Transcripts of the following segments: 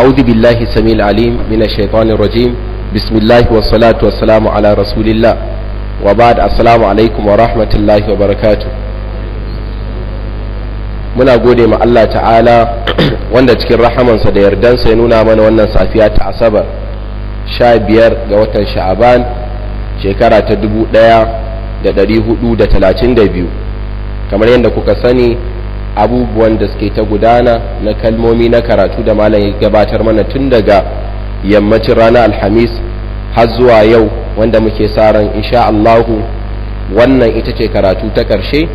أعوذ بالله السميع العليم rasulillah الشيطان الرجيم بسم الله والصلاة والسلام على رسول الله muna gode ma Allah ta'ala wanda cikin rahamansa da yardansa ya nuna mana wannan safiya ta asabar sha biyar ga watan sha'aban shekara ta dubu ɗaya da ɗari hudu da talatin da biyu kamar yadda kuka sani abubuwan da suke ta gudana na kalmomi na karatu da malam ya gabatar mana tun daga yammacin ranar alhamis har zuwa yau wanda muke sa ran insha Allahu wannan ita ce karatu ta ƙarshe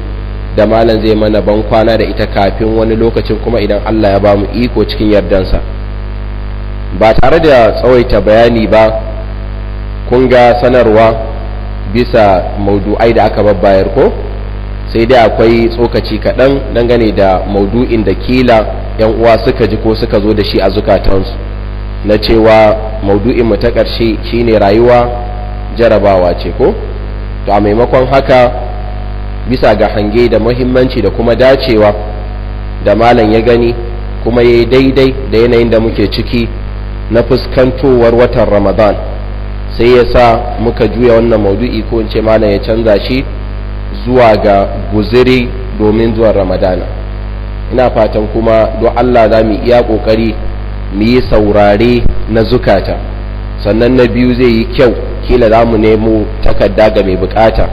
da malam zai mana ban kwana da ita kafin wani lokacin kuma idan Allah ya ba mu iko cikin yardansa ba tare da tsawaita bayani ba kun ga sanarwa bisa maudu'ai da aka babbayar ko sai dai akwai tsokaci kaɗan gane da maudu'in da kila yan uwa suka ji ko suka zo da shi a zukatansu na cewa maudu'in mu ta ƙarshe shine rayuwa jarabawa ce ko to a maimakon haka bisa ga hange da muhimmanci da kuma dacewa da malam ya gani kuma ya yi daidai da yanayin da muke ciki na fuskantowar watan ramadan sai ya sa muka juya wannan maudu'i ko in ce malam ya canza shi zuwa ga guziri domin zuwan ramadana ina fatan kuma don allah za mu iya ƙoƙari mu yi saurare na zukata sannan na biyu zai yi kyau kila za mu nemo takarda ga mai bukata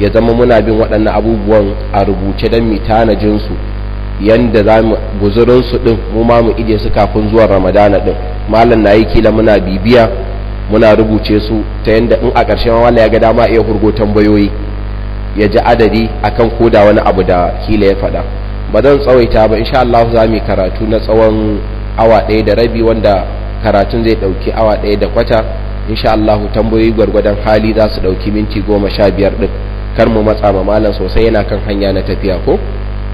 ya zama muna bin waɗannan abubuwan a rubuce don mu tanajinsu yadda za mu guzurinsu ɗin mu ma mu ije su kafin zuwan ramadana din malam na yi kila muna bibiya muna rubuce su ta yadda in a ƙarshen wala ya ga dama iya hurgo tambayoyi ya ji adadi akan koda wani abu da kila ya faɗa ba zan tsawaita ba insha Allah za mu karatu na tsawon awa ɗaya da rabi wanda karatun zai ɗauki awa ɗaya da kwata insha Allah tambayoyi gwargwadon hali za su ɗauki minti goma sha biyar ɗin kar mu matsa ma malam sosai yana kan hanya na tafiya ko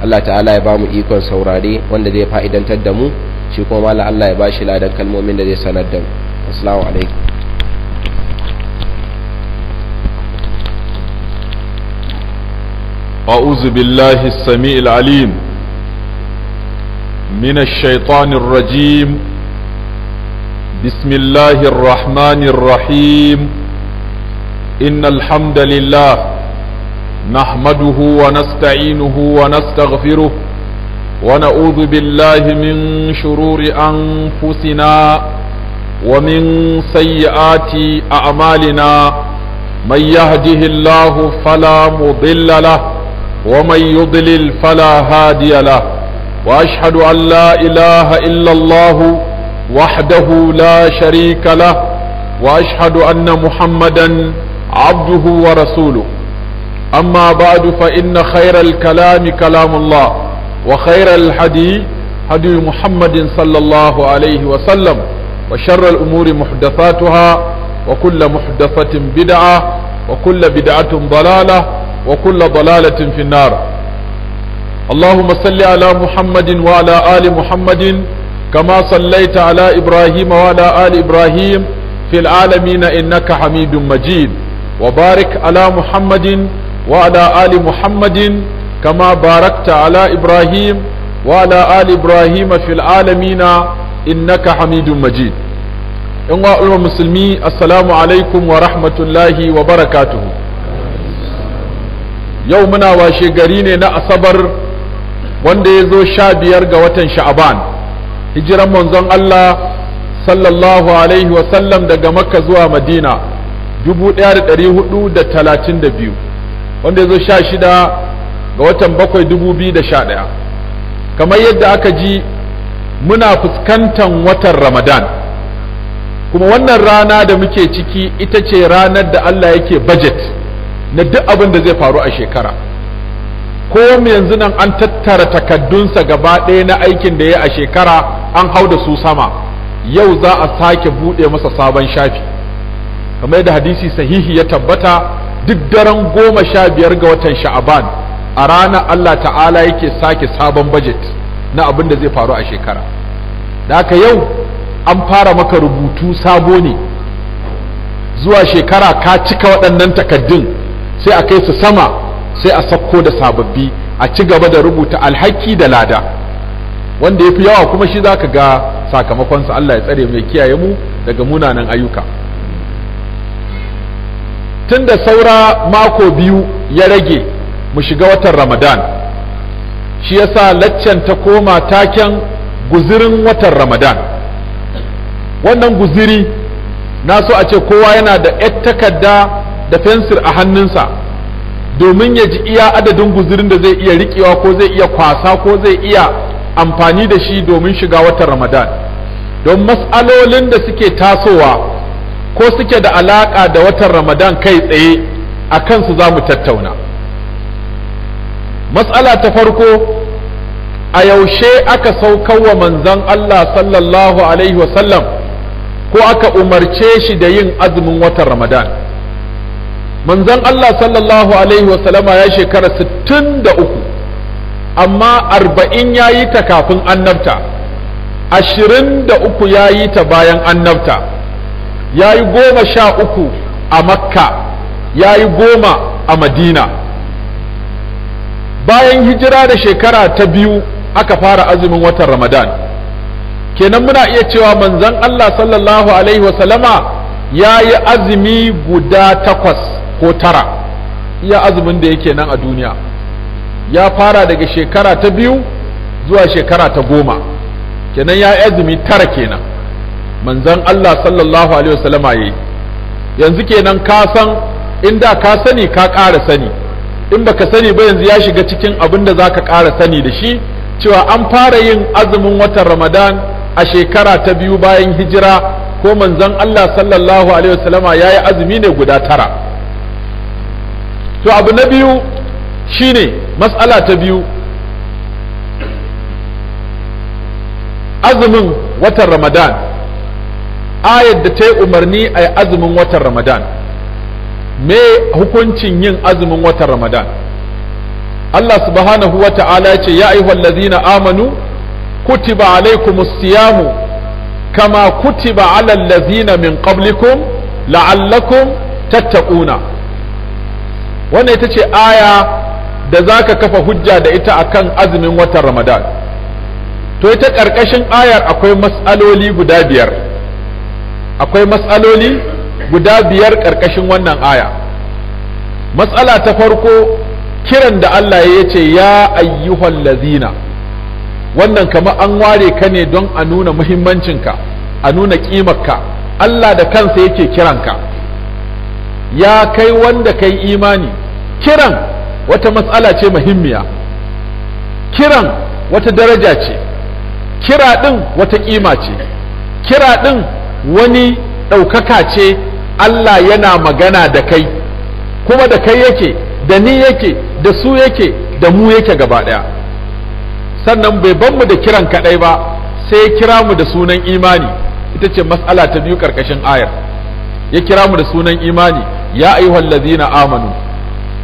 Allah ta'ala ya ba mu ikon saurare wanda zai fa'idantar da mu shi kuma malam Allah ya ba shi ladan kalmomin da zai sanar da mu assalamu alaikum أعوذ بالله السميع العليم من الشيطان الرجيم بسم الله الرحمن الرحيم إن الحمد لله نحمده ونستعينه ونستغفره ونعوذ بالله من شرور أنفسنا ومن سيئات أعمالنا من يهده الله فلا مضل له ومن يضلل فلا هادي له واشهد ان لا اله الا الله وحده لا شريك له واشهد ان محمدا عبده ورسوله اما بعد فان خير الكلام كلام الله وخير الحدي هدي محمد صلى الله عليه وسلم وشر الامور محدثاتها وكل محدثه بدعه وكل بدعه ضلاله وكل ضلالة في النار اللهم صل على محمد وعلى آل محمد كما صليت على إبراهيم وعلى آل إبراهيم في العالمين إنك حميد مجيد وبارك على محمد وعلى آل محمد كما باركت على إبراهيم وعلى آل إبراهيم في العالمين إنك حميد مجيد إن المسلمين السلام عليكم ورحمة الله وبركاته yau muna washe gari ne na asabar wanda ya zo sha biyar ga watan sha'aban hijiran manzon Allah sallallahu alaihi wasallam daga makka zuwa madina dubu ɗaya da ɗari hudu da talatin da biyu wanda ya zo sha shida ga watan bakwai dubu biyu da sha ɗaya kamar yadda aka ji muna fuskantan watan ramadan kuma wannan rana da muke ciki ita ce ranar da Allah yake budget na duk abin da zai faru a shekara ko yanzu nan an tattara takaddunsa gaba ɗaya na aikin da ya a shekara an hau da su sama yau za a sake buɗe masa sabon shafi kamar da hadisi sahihi ya tabbata duk daren goma sha biyar ga watan sha'aban a ranar allah ta'ala yake sake sabon bajet na abin da zai faru a shekara da haka yau an fara maka rubutu sabo ne zuwa shekara ka cika waɗannan takaddun sai a kai su sama sai a sakko da sababbi a ci gaba da rubuta alhaki da lada wanda ya fi yawa kuma shi za ka ga sakamakonsa Allah ya tsare mai kiyaye mu daga munanan ayyuka tun da saura mako biyu ya rage mu shiga watan ramadan shi yasa laccan ta koma taken guzirin watan ramadan wannan guziri na so a ce kowa yana da 'yar takarda da fensir a hannunsa domin ya ji iya adadin guzurin da zai iya riƙewa ko zai iya kwasa ko zai iya amfani da shi domin shiga watan ramadan don matsalolin da suke tasowa ko suke da alaƙa da watan ramadan kai tsaye a kansu za mu tattauna matsala ta farko a yaushe aka wa manzan Allah sallallahu alaihi wasallam ko aka umarce shi da yin azumin watan ramadan manzon Allah sallallahu alaihi wasallama ya shekara sittin da uku amma arba'in ya yi ta kafin annabta uku ya yi ta bayan annabta ya yi goma sha uku a makka ya yi goma a madina bayan hijira da shekara ta biyu aka fara azumin watan ramadan kenan muna iya cewa manzon Allah sallallahu alaihi wasallama ya yi azumi guda takwas ko tara iya azumin da yake nan a duniya ya fara daga shekara ta biyu zuwa shekara ta goma kenan ya azumi tara kenan manzan Allah sallallahu alaihi wasallama yayi yanzu kenan ka san inda ka sani ka ƙara sani in baka sani ba yanzu ya shiga cikin abin da za ka ƙara sani da shi cewa an fara yin azumin watan Ramadan a shekara ta biyu bayan hijira ko manzon Allah sallallahu alaihi wasallama yi azumi ne guda tara to abu na biyu shine matsala ta biyu azumin watan ramadan ayar da ta yi umarni a yi azumin watan ramadan me hukuncin yin azumin watan ramadan Allah subhanahu wa ta'ala ya ce ya ayyuhallazina amanu kutiba alaikumus siyamu kama kutiba alal ladzina min qablikum la'allakum tattaquna wannan ita ce aya da za ka kafa hujja da ita a kan azumin watan ramadan to ita ƙarƙashin ayar akwai matsaloli guda biyar akwai matsaloli guda biyar ƙarƙashin wannan aya matsala ta farko kiran da Allah ya ce ya ayyuhal lazina wannan kama an ware ka ne don a nuna muhimmancinka a nuna ƙimarka Allah da kansa yake kiranka ya kai wanda kai imani kiran wata matsala ce muhimmiya kiran wata daraja ce kira ɗin wata ƙima ce kira ɗin wani ɗaukaka ce Allah yana magana da kai kuma da kai yake da ni yake da su yake da mu yake gaba ɗaya sannan bai ban mu da kiran kaɗai ba sai ya kira mu da sunan imani ita ce matsala ta biyu ƙarƙashin ayar ya kira mu da sunan imani ya ayyuhal na amanu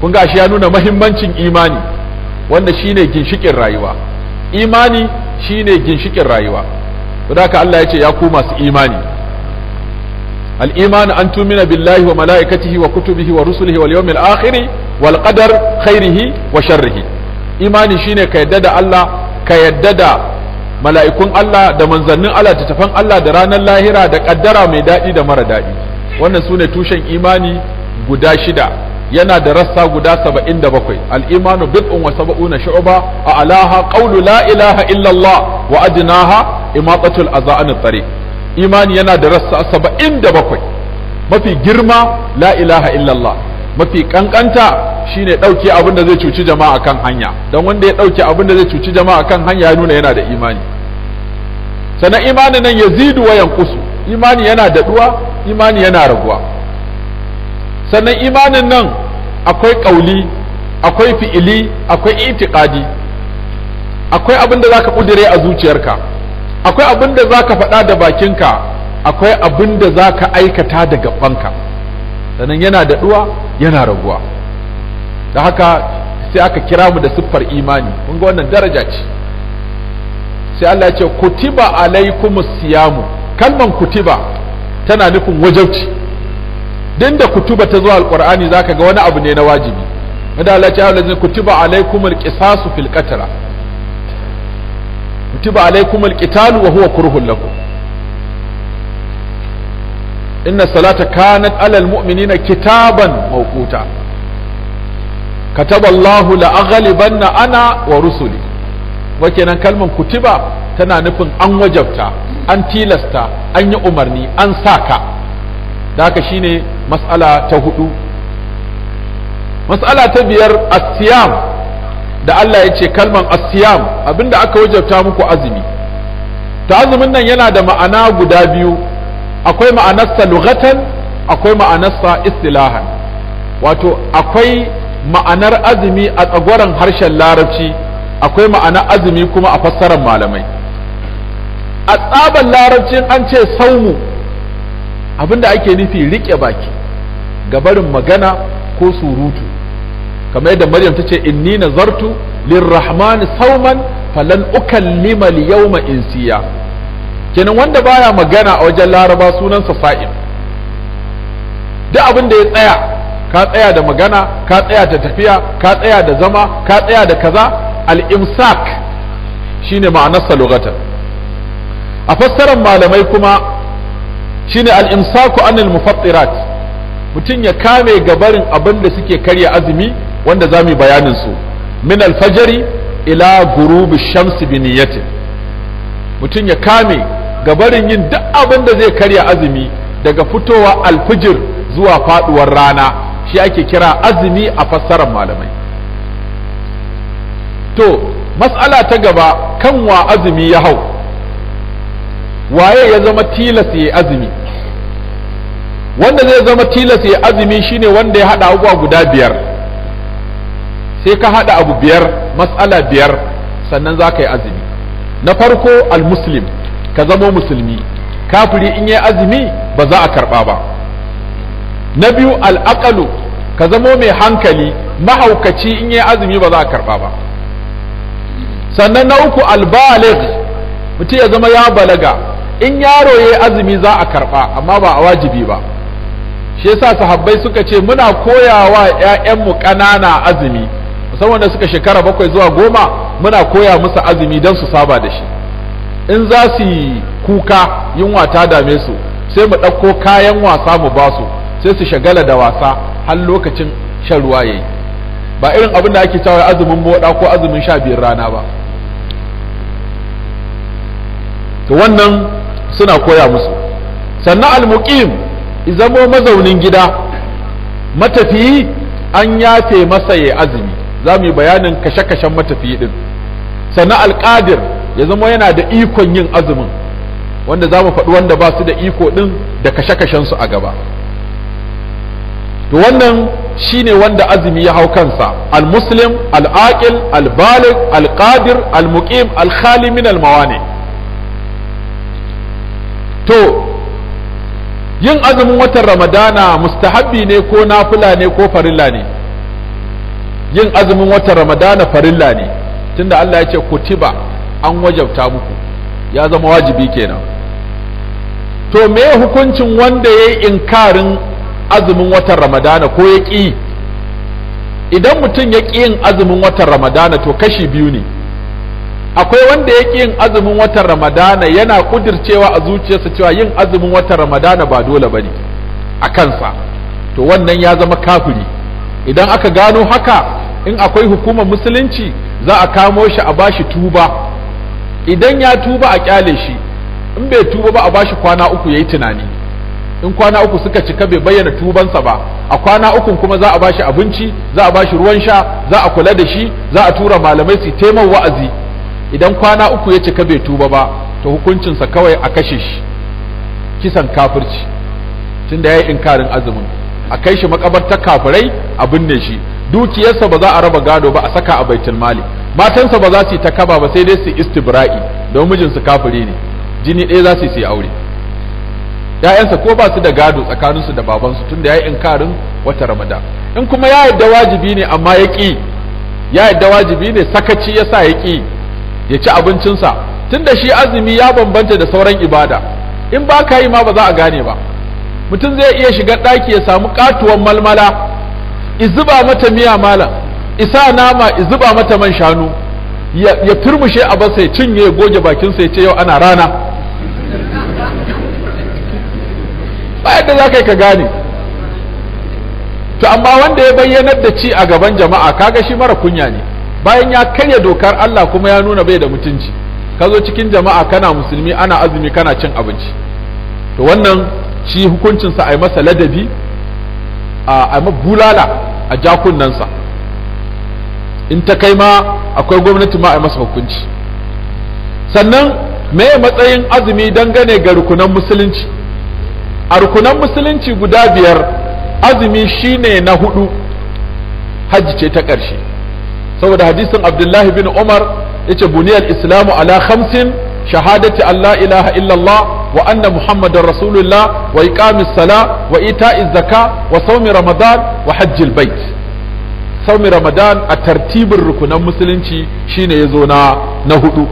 kun ga shi ya nuna mahimmancin imani wanda shine ginshikin rayuwa imani shine ginshikin rayuwa to haka Allah ya ce ya ku masu imani al-iman an tumina billahi wa malaikatihi wa kutubihi wa rusulihi wal yawmil akhir wal qadar khairihi wa sharrihi imani shine ka yadda da Allah ka yadda da mala'ikun Allah da manzannin Allah da tafan Allah da ranar lahira da kaddara mai daɗi da mara daɗi wannan sune tushen imani guda shida yana da rassa guda saba'in da bakwai al'imanu bid'un wa saba'una shu'ba a alaha ƙaulu la ilaha illallah wa adnaha a azaan tsare. imani yana da rassa saba'in da bakwai mafi girma la ilaha illallah mafi kankanta shine ɗauke abin da zai cuci jama'a kan hanya don wanda ya ɗauke abin da zai cuci jama'a kan hanya ya nuna yana da imani sannan imani nan ya zidu wa yankusu imani yana daɗuwa imani yana raguwa sannan imanin nan akwai ƙauli akwai fi'ili akwai itiƙadi akwai abin da ka ƙudire a zuciyarka akwai abin da zaka faɗa da bakinka akwai abin da za ka aikata da gabanka sannan yana da ɗuwa yana raguwa da haka sai aka kira mu da siffar imani mun ga wannan daraja ce sai Allah ya ce kutiba alaikumus siyamu kalman kutiba tana nufin wajauci din da kutuba ta zuwa za zaka ga wani abu ne na wajibi wanda Allah ya ce kutuba alaikumul qisasu fil qatra kutiba alaikumul qitalu wa huwa kurhun lakum inna salata kanat alal mu'minina kitaban mawquta kataba Allahu la aghlibanna ana wa rusuli nan kalman kutiba tana nufin an wajabta an tilasta an yi umarni an saka da haka shine mas'ala ta hudu mas'ala ta biyar asiyam da Allah ya ce kalman asiyam abinda aka wajabta muku azumi ta azumin nan yana da ma'ana guda biyu akwai ma'anarsa lughatan akwai ma'anarsa istilahan wato akwai ma'anar azumi a tsagoran harshen larabci akwai ma'anar azumi kuma a fassarar malamai a tsaban larabcin an ce saumu abinda ake nufi rike baki ga barin magana ko surutu kamar yadda maryam ta ce inni nazartu lirrahman sauman falan ukallima liyawma insiya kenan wanda baya magana a wajen laraba sunansa sa'im duk abin da ya tsaya ka tsaya da magana ka tsaya da tafiya ka tsaya da zama ka tsaya da kaza al-imsak shine ma'anar lugatan a fassarar malamai kuma shine al-imsaku anil mufattirat mutum ya kame gabarin abinda suke karya azumi wanda zamu mu bayanin su min alfajari ila gurubi shamsi bi niyyati mutum ya kame gabarin yin duk abin da zai karya azumi daga fitowa alfijir zuwa faduwar rana shi ake kira azumi a fassarar malamai to mas'ala ta gaba kan wa azumi ya hau waye ya zama tilas ya azumi wanda zai zama tilas ya azumi shine wanda ya hada abubuwa guda biyar sai ka hada abu biyar matsala biyar sannan za ka yi azumi na farko almuslim ka zamo musulmi kafiri in yi azumi ba za a karba ba na biyu al'aqalu ka zamo mai hankali mahaukaci in yi azumi ba za a karba ba sannan na uku albalig mutum ya zama ya balaga in yaro ya azumi za a karɓa amma ba a wajibi ba shi yasa sahabbai suka ce muna koyawa mu ƙanana azumi musamman da suka shekara bakwai zuwa goma muna koya musu azumi don su saba da shi in za su yi kuka yunwa ta dame su sai mu ɗauko kayan wasa mu ba su sai su shagala da wasa har lokacin shan ruwa ya yi ba irin abin da ake cewa azumin moɗa ko azumin sha biyar rana ba to wannan suna koya musu sannan almuqim izamo mazaunin gida matafiyi an yafe masa ya azumi za mu yi bayanin kashe-kashen matafiyi din sannan alƙadir ya zama yana da ikon yin azumin wanda za mu faɗi wanda ba su da iko ɗin da kashe kashen su a gaba to wannan shine wanda azumi ya hau kansa al-muslim al-aqil al-balig al-qadir al-muqim al-khali min al-mawani to yin azumin watan ramadana mustahabbi ne ko nafila ne ko farilla ne yin azumin watan ramadana farilla ne tunda Allah ya ce kutiba an wajabta muku ya zama wajibi kenan to me hukuncin wanda ya yi inkarin azumin watan ramadana ko ya ƙi idan mutum ya ƙi yin azumin watan ramadana to kashi biyu ne akwai wanda yake yin azumin watan ramadana yana kudircewa a zuciyarsa cewa yin azumin watan ramadana ba dole bane a kansa to wannan ya zama kafiri idan aka gano haka in akwai hukumar musulunci za a kamo shi a bashi tuba idan ya tuba a kyale shi in bai tuba ba a bashi kwana uku yayi tunani in kwana uku suka cika bai bayyana tubansa ba a kwana uku kuma za a bashi abinci za a bashi ruwan sha za a kula da shi za a tura malamai su taimar wa'azi idan kwana uku ya cika bai tuba ba to hukuncinsa kawai a kashe shi kisan kafirci tunda ya yi inkarin azumin a kai shi makabartar kafirai a binne shi dukiyarsa ba za a raba gado ba a saka a baitul mali matansa ba za su yi ta kaba ba sai dai su istibra'i don mijinsu kafiri ne jini ɗaya za su yi aure ya'yansa ko ba su da gado tsakaninsu da babansu tunda ya yi inkarin wata ramada. in kuma ya yadda wajibi ne amma ya ƙi ya yadda wajibi ne sakaci ya sa ya ƙi ya ci abincinsa tunda shi azumi ya bambanta da sauran ibada in ba ka yi ma ba za a gane ba mutum zai iya shiga ɗaki ya samu katuwan malmala izuba mata miya malam isa nama izuba mata man shanu ya turmushe a basa ya cinye goge bakin ya ce yau ana rana ba yadda za ka yi ka gane to amma wanda ya bayyanar da ci a gaban jama'a kaga shi mara kunya ne bayan ya karya dokar Allah kuma ya nuna bai da mutunci ka zo cikin jama'a kana musulmi ana azumi kana cin abinci to wannan shi hukuncinsa a yi masa ladabi a bulala a jakunansa in ta kai ma akwai gwamnati ma a masa hukunci sannan me matsayin azumi dangane ga rukunan musulunci a rukunan musulunci guda biyar azumi shine na hudu hajji ce ta ƙarshe saboda hadisin abdullahi bin umar ce buniyal islamu ala khamsin shahadati allah ilaha illallah wa anna muhammadar rasulullah wa iqamis sala wa ita zaka wa saumi ramadan wa hajjil bait saumi ramadan a tartibin rukunan musulunci shine yazo na na hudu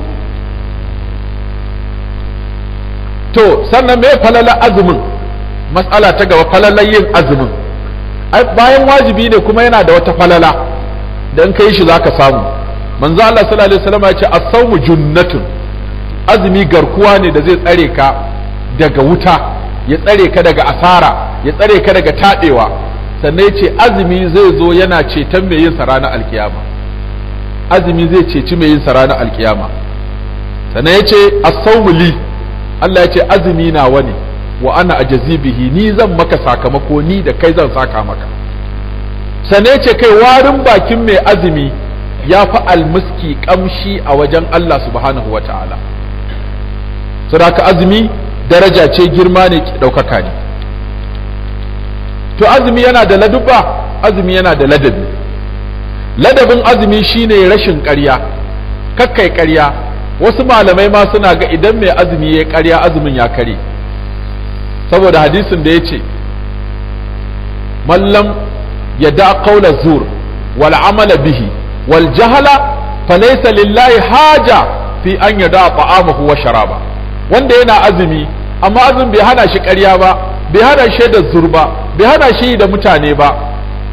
to sannan me falala azumin mas'ala ta gaba falala yin azumin bayan wajibi ne kuma yana da wata falala dan kai shi zaka samu manzo Allah sallallahu alaihi wasallam ya ce as-sawmu junnatun azumi garkuwa ne da zai tsare ka daga wuta ya tsare ka daga asara ya tsare ka daga tadewa sannan ya ce azumi zai zo yana ceton mai yin sarana alkiyama azumi zai ceci mai yin sarana ranar alkiyama sannan ya ce as-sawmu li Allah ya ce azumi nawa ne wa ana ajazibihi ni zan maka sakamako ni da kai zan saka maka sane ce kai warin bakin mai azumi ya fi almuski kamshi a wajen Allah subhanahu wata'ala saboda azumi daraja ce girma ne ɗaukaka ne to azumi yana da ladubba azumi yana da ladabi ladabin azumi shine rashin ƙarya kakkai ƙarya wasu malamai ma suna ga idan mai azumi ya ƙarya azumin ya kare saboda hadisin da ya ce mallam yadda qawla zur wal amala bihi wal jahala falaysa lillahi haja fi an a ta'amahu wa sharaba wanda yana azumi amma azumi bai hana shi ƙarya ba bai hana shi da zur ba bai hana shi da mutane ba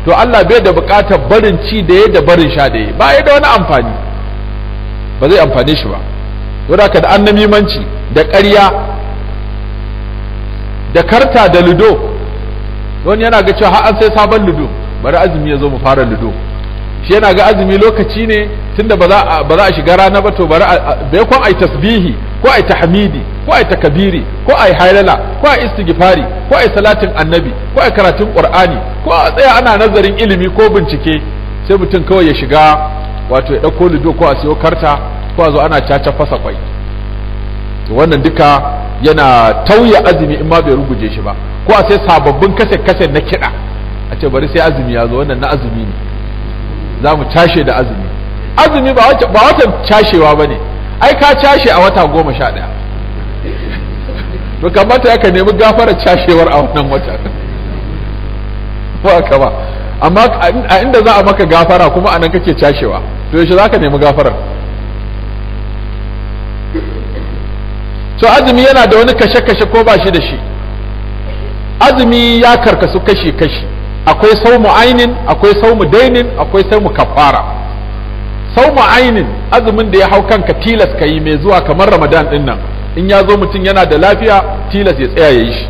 to Allah bai da buƙatar barin ci da da barin sha da ba ya da wani amfani ba zai amfane shi ba wadaka da annamimanci da ƙarya da karta da ludo wani yana ga cewa har an sai sabon ludo bari azumi ya zo mu fara ludo shi yana ga azumi lokaci ne tunda ba za ba za a shiga rana ba to bari bai kon ai tasbihi ko ai tahmidi ko ai takabiri ko ai halala ko ai istighfari ko ai salatin annabi ko ai karatun qur'ani ko a tsaya ana nazarin ilimi ko bincike sai mutum kawai ya shiga wato ya dauko ludo ko a siyo karta ko a zo ana caca fasa kwai to wannan duka yana tauya azumi in ma bai ruguje shi ba ko a sai sababbin kashe-kashe na kiɗa a ce bari sai azumi ya zo wannan na azumi ne za mu cashe da azumi azumi ba watan cashewa ba ne ai ka cashe a wata goma sha ɗaya to kamata ya ka nemi gafara cashewar a wannan wata ba ka ba amma a inda za a maka gafara kuma anan kake cashewa to yaushe za ka nemi gafarar to azumi yana da wani kashe-kashe ko ba shi da shi azumi ya karkasu kashi-kashi akwai saumu ainin akwai saumu dainin akwai saumu kafara saumu ainin azumin da ya hau kanka tilas ka yi mai zuwa kamar ramadan din nan in ya zo mutum yana da lafiya tilas ya tsaya ya yi shi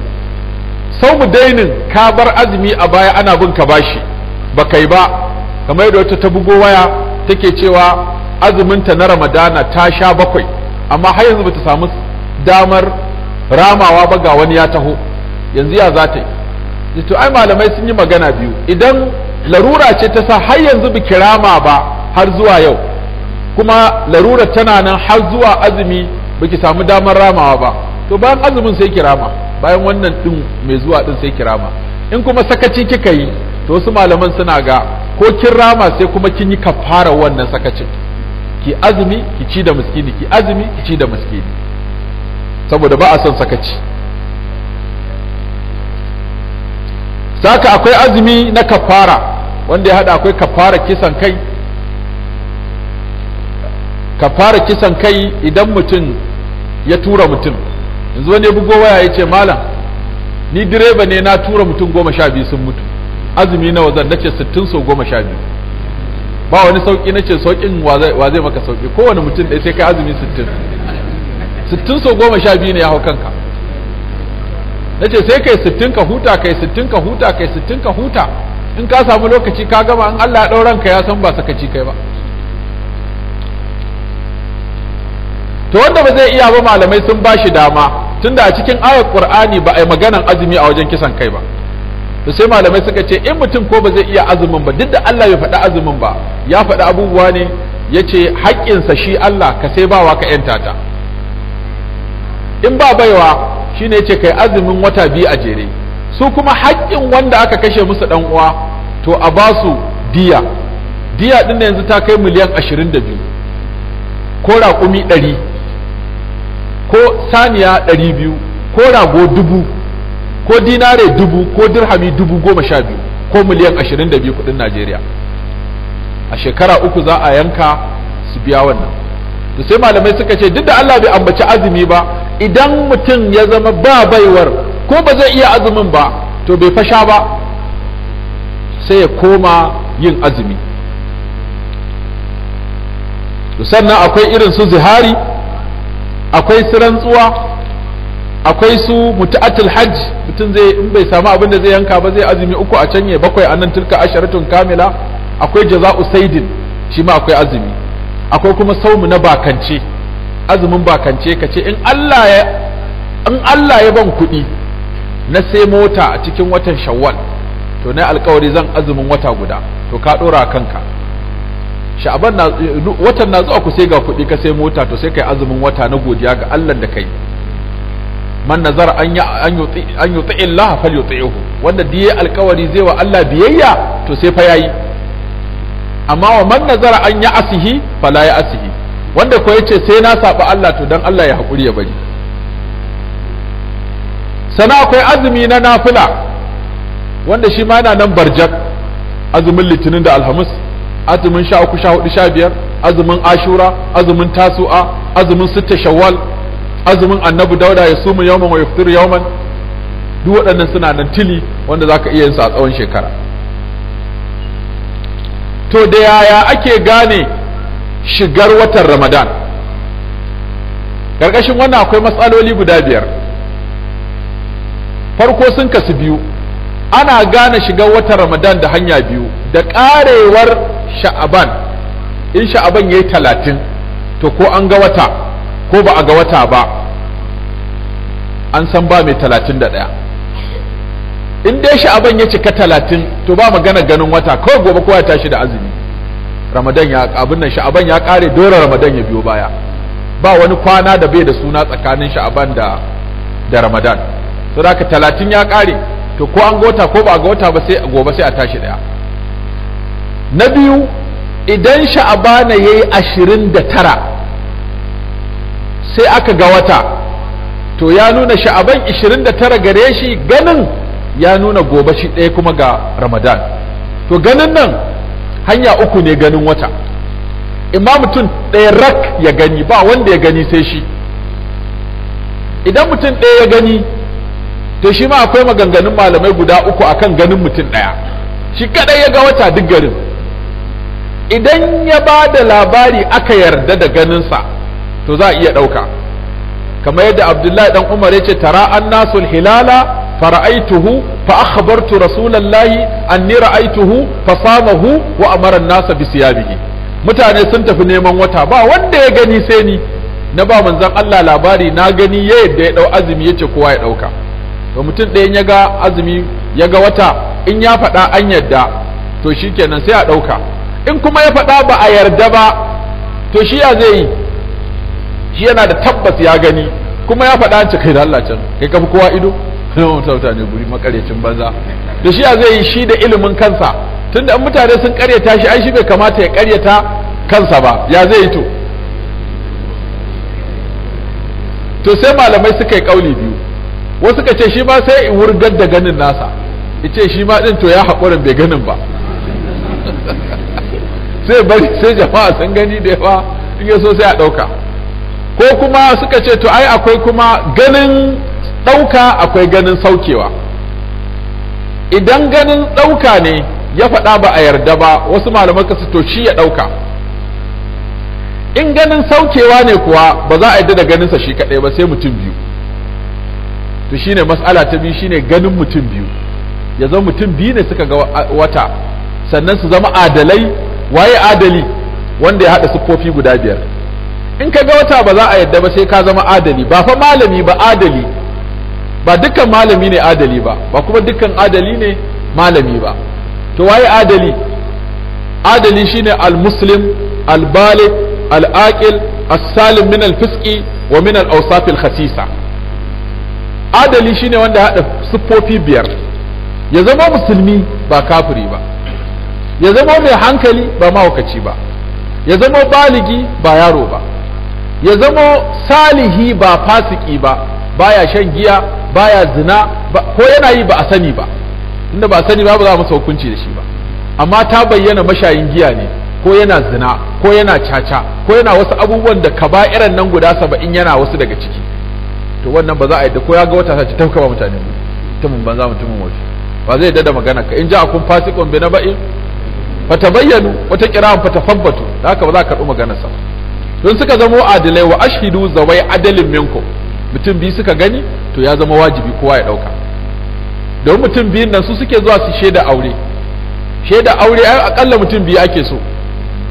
saumu dainin ka bar azumi a baya ana bin ka bashi ba kai ba kamar yadda wata ta bugo waya take cewa azuminta na ramadana ta sha bakwai amma har yanzu bata samu damar ramawa ba ga wani ya taho yanzu ya za ta yi to ai malamai sun yi magana biyu idan larura ce ta sa har yanzu bi kirama ba har zuwa yau kuma larura tana nan har zuwa azumi biki samu damar ramawa ba to bayan azumin sai kirama bayan wannan din mai zuwa din sai kirama in kuma sakaci kika yi to wasu malaman suna ga ko kin rama sai kuma kin yi kafara wannan sakacin ki azumi ki ci da miskini ki azumi ki ci da miskini saboda ba a son sakaci saka akwai azumi na kafara wanda ya hada akwai kafara kisan kai kafara kisan kai idan mutum ya tura mutum yanzu wani bugo waya ya ce malam ni direba ne na tura mutum goma sha biyu sun mutu azumi na wazan nace sittin so goma sha biyu ba wani sauki nace saukin wa zai maka sauki kowane mutum ɗaya sai kai azumi sittin sittin so goma sha biyu ne ya hau kanka na ce sai kai sittin ka huta kai sittin ka huta kai sittin ka huta in ka samu lokaci ka gama in Allah ya ɗauran ka ya san ba sakaci kai ba to wanda ba zai iya ba malamai sun ba shi dama tunda a cikin ayar qur'ani ba a yi maganan azumi a wajen kisan kai ba to sai malamai suka ce in mutum ko ba zai iya azumin ba duk da Allah ya faɗi azumin ba ya faɗi abubuwa ne yace ce haƙƙinsa shi Allah ka sai bawa ka 'yanta ta in ba baiwa shine yace kai azumin wata biyu a jere su kuma haƙƙin wanda aka kashe musu dan uwa to a ba su diya diya din yanzu ta kai miliyan 22 ko raƙumi ɗari ko saniya 200 ko rago dubu ko dinare dubu ko dirhami dubu goma sha biyu ko miliyan ashirin da biyu kudin najeriya a shekara uku za a yanka su biya wannan to sai malamai suka ce duk da Allah bai ambaci azumi ba idan mutum ya zama ba baiwar ko ba zai iya azumin ba to bai fasha ba sai ya koma yin azumi sannan akwai irin su zihari akwai su rantsuwa akwai su mutu'atul hajj mutum zai in bai samu abin da zai yanka ba zai azumi uku a can ya bakwai a nan tilka asharatun kamila akwai jaza'u saidin shi ma akwai azumi akwai kuma saumu na bakance azumin bakance ka ce in Allah ya ban kuɗi na sai mota a cikin watan shawwal to na alkawari zan azumin wata guda to ka dora kanka sha'aban watan na zuwa ku sai ga kuɗi ka sai mota to sai kai azumin wata na godiya ga Allah da kai man nazar an yi an yuti Allah falyuti'hu wanda diye alkawari zai wa Allah biyayya to sai fa yayi amma wa man nazara an ya asihi fala ya asihi wanda ko yace sai na saba Allah to dan Allah ya hakuri ya bari sana akwai azumi na nafila wanda shi ma yana nan barjak azumin litinin da alhamis azumin sha uku sha hudu sha biyar azumin ashura azumin tasu'a azumin sitta shawwal azumin annabi dauda ya sumu yawman wa yaftiru yawman duk waɗannan suna nan tili wanda zaka iya yin su a tsawon shekara to da yaya ake gane shigar watan ramadan ƙarƙashin wannan akwai matsaloli guda biyar farko sun kasu biyu ana gane shigar watan ramadan da hanya biyu da ƙarewar sha'aban in sha'aban ya yi talatin to ko an ga wata ko ba a ga wata ba an san ba mai talatin da ɗaya in dai sha'aban ya cika talatin to ba magana ganin wata kawai gobe kowa ya tashi da azumi ramadan ya abin nan sha'aban ya kare dole ramadan ya biyo baya ba wani kwana da bai da suna tsakanin sha'aban da da ramadan So haka talatin ya kare to ko an gota ko ba ga wata ba sai gobe sai a tashi daya na biyu idan sha'abana ya yi ashirin da tara sai aka ga wata to ya nuna sha'aban ashirin da tara gare shi ganin ya nuna gobe shi ɗaya kuma ga ramadan to ganin nan hanya uku ne ganin wata imma mutum ɗaya rak ya gani ba wanda ya gani sai shi idan mutum ɗaya ya gani to shi ma akwai maganganun malamai guda uku akan ganin mutum ɗaya shi kaɗai ya ga wata duk garin idan ya ba da labari aka yarda da ganinsa to za a iya ɗauka kamar yadda abdullahi ɗan umar ya ce tara an nasul hilala Fa فرأيته فأخبرت رسول الله أني رأيته فصامه وأمر الناس biki. mutane sun tafi neman wata ba wanda ya gani sai ni na ba manzon Allah labari na gani ya yadda ya dau azumi yace kowa ya dauka to mutum ɗayan ya ga azumi ya ga wata in ya faɗa an yadda to shikenan sai a ɗauka in kuma ya faɗa ba a yarda ba to shi ya zai yi shi yana da tabbas ya gani kuma ya faɗa an ce kai da Allah can kai kafi kowa ido yawan sauta ne guri makarecin banza da shi a zai yi shi da ilimin kansa tunda da mutane sun karyata shi an shi bai kamata ya karyata kansa ba ya zai yi to to sai malamai suka yi kauli biyu wasu ka ce shi ma sai in wurgar da ganin nasa ce shi ma din to ya haƙurin bai ganin ba sai bari sai jama'a sun gani da yawa in ya so sai a ɗauka ko kuma suka ce to ai akwai kuma ganin ɗauka akwai ganin saukewa idan ganin ɗauka ne ya faɗa ba a yarda ba wasu malaman kasu to shi ya ɗauka in ganin saukewa ne kuwa ba za a yarda da ganinsa shi kaɗai ba sai mutum biyu to shine mas'ala ta biyu shine ganin mutum biyu ya zama mutum biyu ne suka ga wata sannan su zama adalai waye adali wanda ya haɗa siffofi guda biyar in ka ga wata ba za a yarda ba sai ka zama adali ba fa malami ba adali ba dukkan malami ne adali ba ba kuma dukkan adali ne malami ba to waye adali adali shine al-muslim al-baligh al-aqil as-salim min al wa min al-awsaf al-khasisa adali shine wanda hada siffofi biyar ya zama musulmi ba kafiri ba ya zama mai hankali ba mahaukaci ba ya zama baligi ba yaro ba ya zama salihi ba fasiki ba baya shan giya baya zina ko yana yi ba a sani ba inda ba a sani ba ba za a masa hukunci da shi ba amma ta bayyana mashayin giya ne ko yana zina ko yana caca ko yana wasu abubuwan da kaba irin nan guda saba'in yana wasu daga ciki to wannan ba za a yi da ko ya ga wata sace tafka ba mutane mutumin banza mutumin waje ba zai dada magana ka in ja akun fasikon bi na ba'in bayyanu wata kira'an fatafabbatu da haka ba za ka karɓi maganar sa don suka zamo adilai wa ashidu zawai adalin minkum mutum biyu suka gani to ya zama wajibi kowa ya ɗauka don mutum biyun nan su suke zuwa su shaida aure shaida aure ai akalla mutum biyu ake so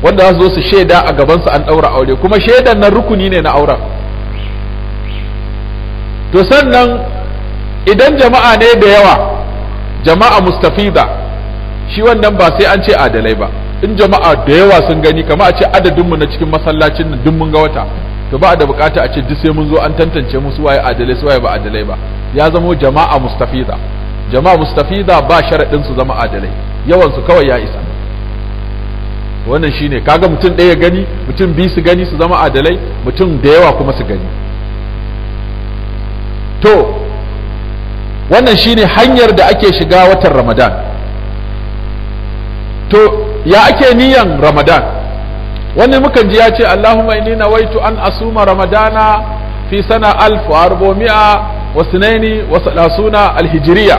wanda za su zo su shaida a gaban su an ɗaura aure kuma shaidan nan rukuni ne na auren to sannan idan jama'a ne da yawa jama'a mustafida shi wannan ba sai an ce adalai ba in jama'a da yawa sun gani kamar a ce adadinmu na cikin masallacin nan dun mun ga wata to ba da bukata a ce duk sai mun zo an tantance musu waye adalai su waye ba adalai ba ya zamo jama'a mustafiza jama'a mustafiza ba sharadin su zama adalai yawan su kawai ya isa wannan shine kaga mutum ɗaya gani mutum biyu su gani su zama adalai mutum da yawa kuma su gani to wannan shine hanyar da ake shiga watan ramadan to ya ake niyan ramadan wani mukan ji ya ce Allahumma inni nawaitu an asuma ramadana fi sana alf wa arbomi'a wa sinaini wa salasuna alhijiriya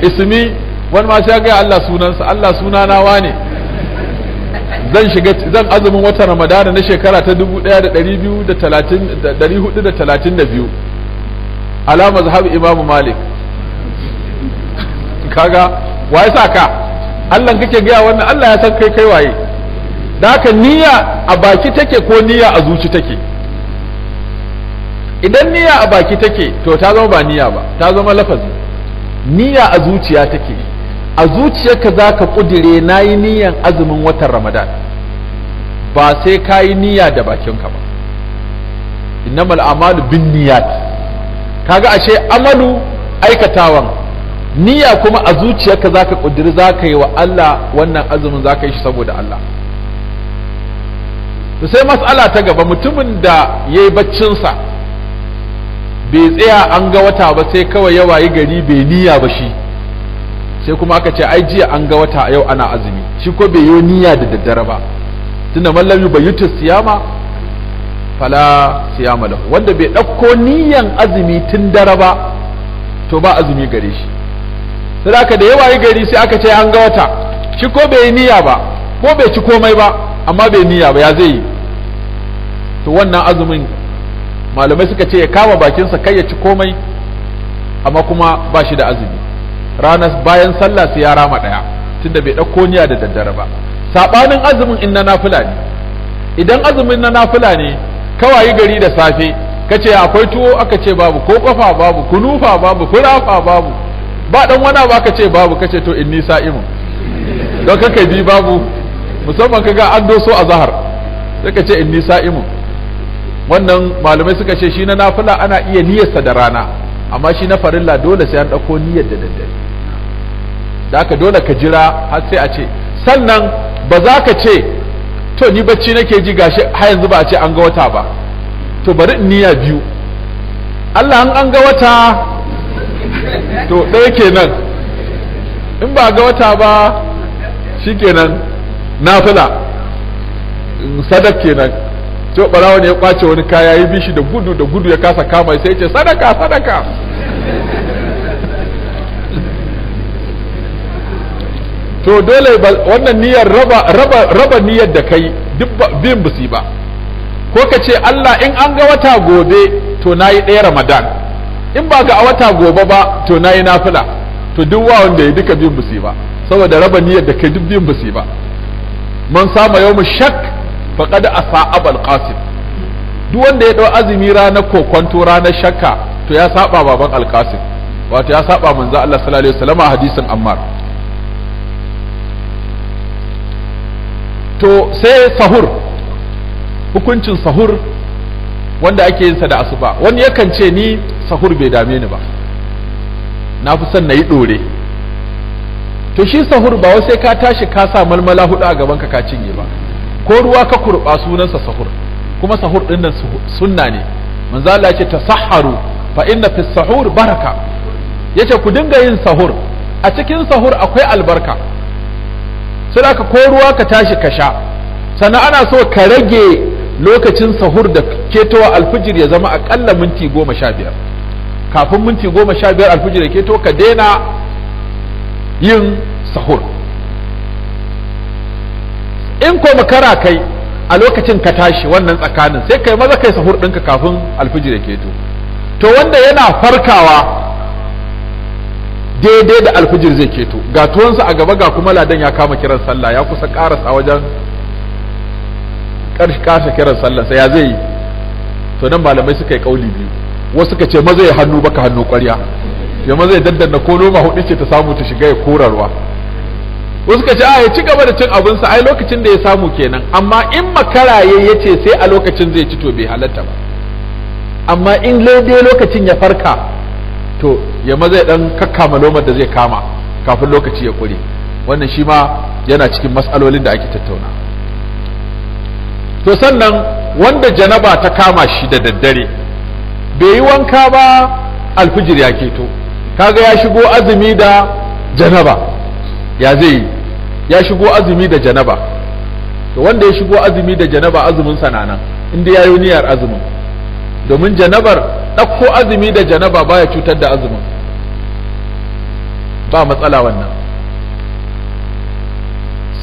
ismi wani ma sai ga Allah sunansa Allah na wane zan shiga zan azumin wata ramadana na shekara ta 1432 Alama mazhab imamu malik kaga waye sa ka Allah kake gaya wannan Allah ya san kai kai waye da haka niyya a baki take ko niyya a zuci take idan niyya a baki take to ta zama ba niyya ba ta zama lafazi niyya a zuciya take a zuciyarka za ka ƙudire na yi niyyan azumin watan ramadan ba sai ka yi niyya da bakinka ba innamal amalu bin niyyat kaga ashe amalu aikatawan niyya kuma a zuciyarka za ka ƙudiri za ka yi wa allah wannan azumin za ka yi shi saboda allah to sai matsala ta gaba mutumin da ya yi baccinsa bai tsaya an ga wata ba sai kawai yawa yi gari bai niyya ba shi sai kuma aka ce ai jiya an ga wata yau ana azumi shi ko bai yi niyya da daddare ba tunda mallam yubayyutu siyama fala siyama lahu wanda bai ɗauko niyyan azumi tun dare ba to ba azumi gare shi sai aka da yawa yi gari sai aka ce an ga wata shi ko bai yi niyya ba ko bai ci komai ba amma bai niyya ba ya zai yi to wannan azumin malamai suka ce ya kama bakinsa kai ya ci komai amma kuma ba shi da azumi ranar bayan sallah sai ya rama ɗaya tunda bai ɗauko niyya da daddare ba saɓanin azumin in na nafila ne idan azumin na nafila ne kawai gari da safe ka ce akwai tuwo aka ce babu ko kafa babu kunufa babu kurafa babu ba ɗan wani ba ka ce babu ka ce to in nisa imu don kakai bi babu musamman kaga an doso a zahar sai ka ce in nisa imu wannan malamai suka ce shi na nafila ana iya niyyarsa da rana amma shi na farilla dole sai an ɗauko niyyar da daddare da aka dole ka jira har sai a ce sannan ba za ka ce to ni bacci nake ji gashi har yanzu ba a ce an ga wata ba to bari in niyya biyu Allah an an ga wata to ɗaya kenan in ba ga wata ba shi kenan nafila sadak kenan to barawo ne ya kwace wani kaya ya bi shi da gudu da gudu ya kasa kama sai ya ce sadaka sadaka to dole wannan niyyar raba raba raba niyyar da kai duk bin busi ba ko ka ce Allah in an ga wata gobe to nayi ɗaya Ramadan in ba ga a wata gobe ba to nayi nafila to duk wa wanda ya duka bin busi ba saboda raba niyyar da kai duk bin busi ba man sama yau shak faƙad asa abal qasim duk wanda ya ɗau azumi ranar kokonto ranar shakka to ya saba baban alƙasim wato ya saba manzo Allah sallallahu alaihi wasallam a hadisin ammar to sai sahur hukuncin sahur wanda ake yin sa da asuba wani yakan ce ni sahur bai dame ni ba na fi son na yi ɗore to shi sahur ba wai sai ka tashi ka sa malmala hudu a gaban ka ka cinye ba ko ruwa ka kurba sunansa sahur kuma sahur din nan sunna ne manzo Allah yace tasahharu fa inna fi sahur baraka yace ku dinga yin sahur a cikin sahur akwai albarka sai ka ko ruwa ka tashi ka sha sannan ana so ka rage lokacin sahur da ketowa alfijir ya zama akalla minti goma sha biyar kafin minti goma sha biyar alfijir ya keto ka daina yin sahur in ko makara kai a lokacin ka tashi wannan tsakanin sai kai maza kai sahur ɗinka kafin alfijir ya keto to wanda yana farkawa daidai da alfijir zai keto ga tuwansa a gaba ga kuma ladan ya kama kiran sallah ya kusa karasa wajen kasa kiran sallah sai ya zai yi to nan malamai suka yi kauli biyu wasu ka ce maza ya hannu baka hannu kwarya. yamma zai daddanna ko noma hudu ce ta samu ta shiga ya korarwa wasu ka ce a ah, ya ci gaba da cin abinsa ai lokacin da ya samu kenan amma in makaraye ya ce sai a lokacin zai ci to bai halatta ba amma in daidai lokacin ya farka to yamma zai dan kakkama lomar da zai kama kafin lokaci ya kure wannan shi ma yana cikin matsalolin da ake tattauna to sannan wanda janaba ta kama shi da daddare bai yi wanka ba alfijir ya keto kaga ya shigo azumi da janaba ya zai yi ya shigo azumi da janaba to wanda ya shigo azumi da janaba azumin sa nan inda yayi niyyar azumin domin janabar ɗauko azumi da janaba baya cutar da azumin ba matsala wannan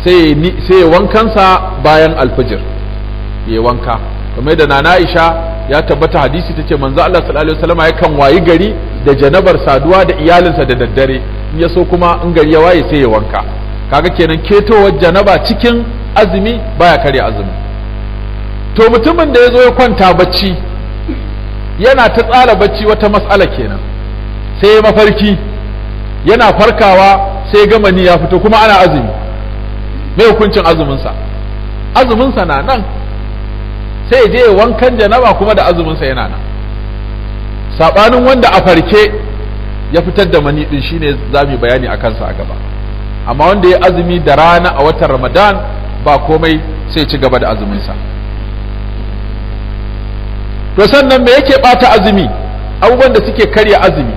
sai wankansa bayan alfijir ya wanka kamar da nana Aisha. ya tabbata hadisi ta ce manzo Allah sallallahu alaihi wasallam yakan wayi gari da janabar saduwa da iyalinsa da daddare in ya so kuma in gari ya waye sai ya wanka kaga kenan ketowar janaba cikin azumi baya karya azumi to mutumin da ya zo ya kwanta bacci yana ta tsara bacci wata matsala kenan sai ya mafarki yana farkawa sai gama ni ya fito kuma ana azumi mai hukuncin azuminsa azuminsa na nan sai je wankan janaba kuma da azumin yana nan Saɓanin wanda a farke ya fitar da mani ɗin shine za mu bayani a kansa a gaba amma wanda ya azumi da rana a watan Ramadan ba komai sai ci gaba da azumin sa to sannan me yake bata azumi abubuwan da suke karya azumi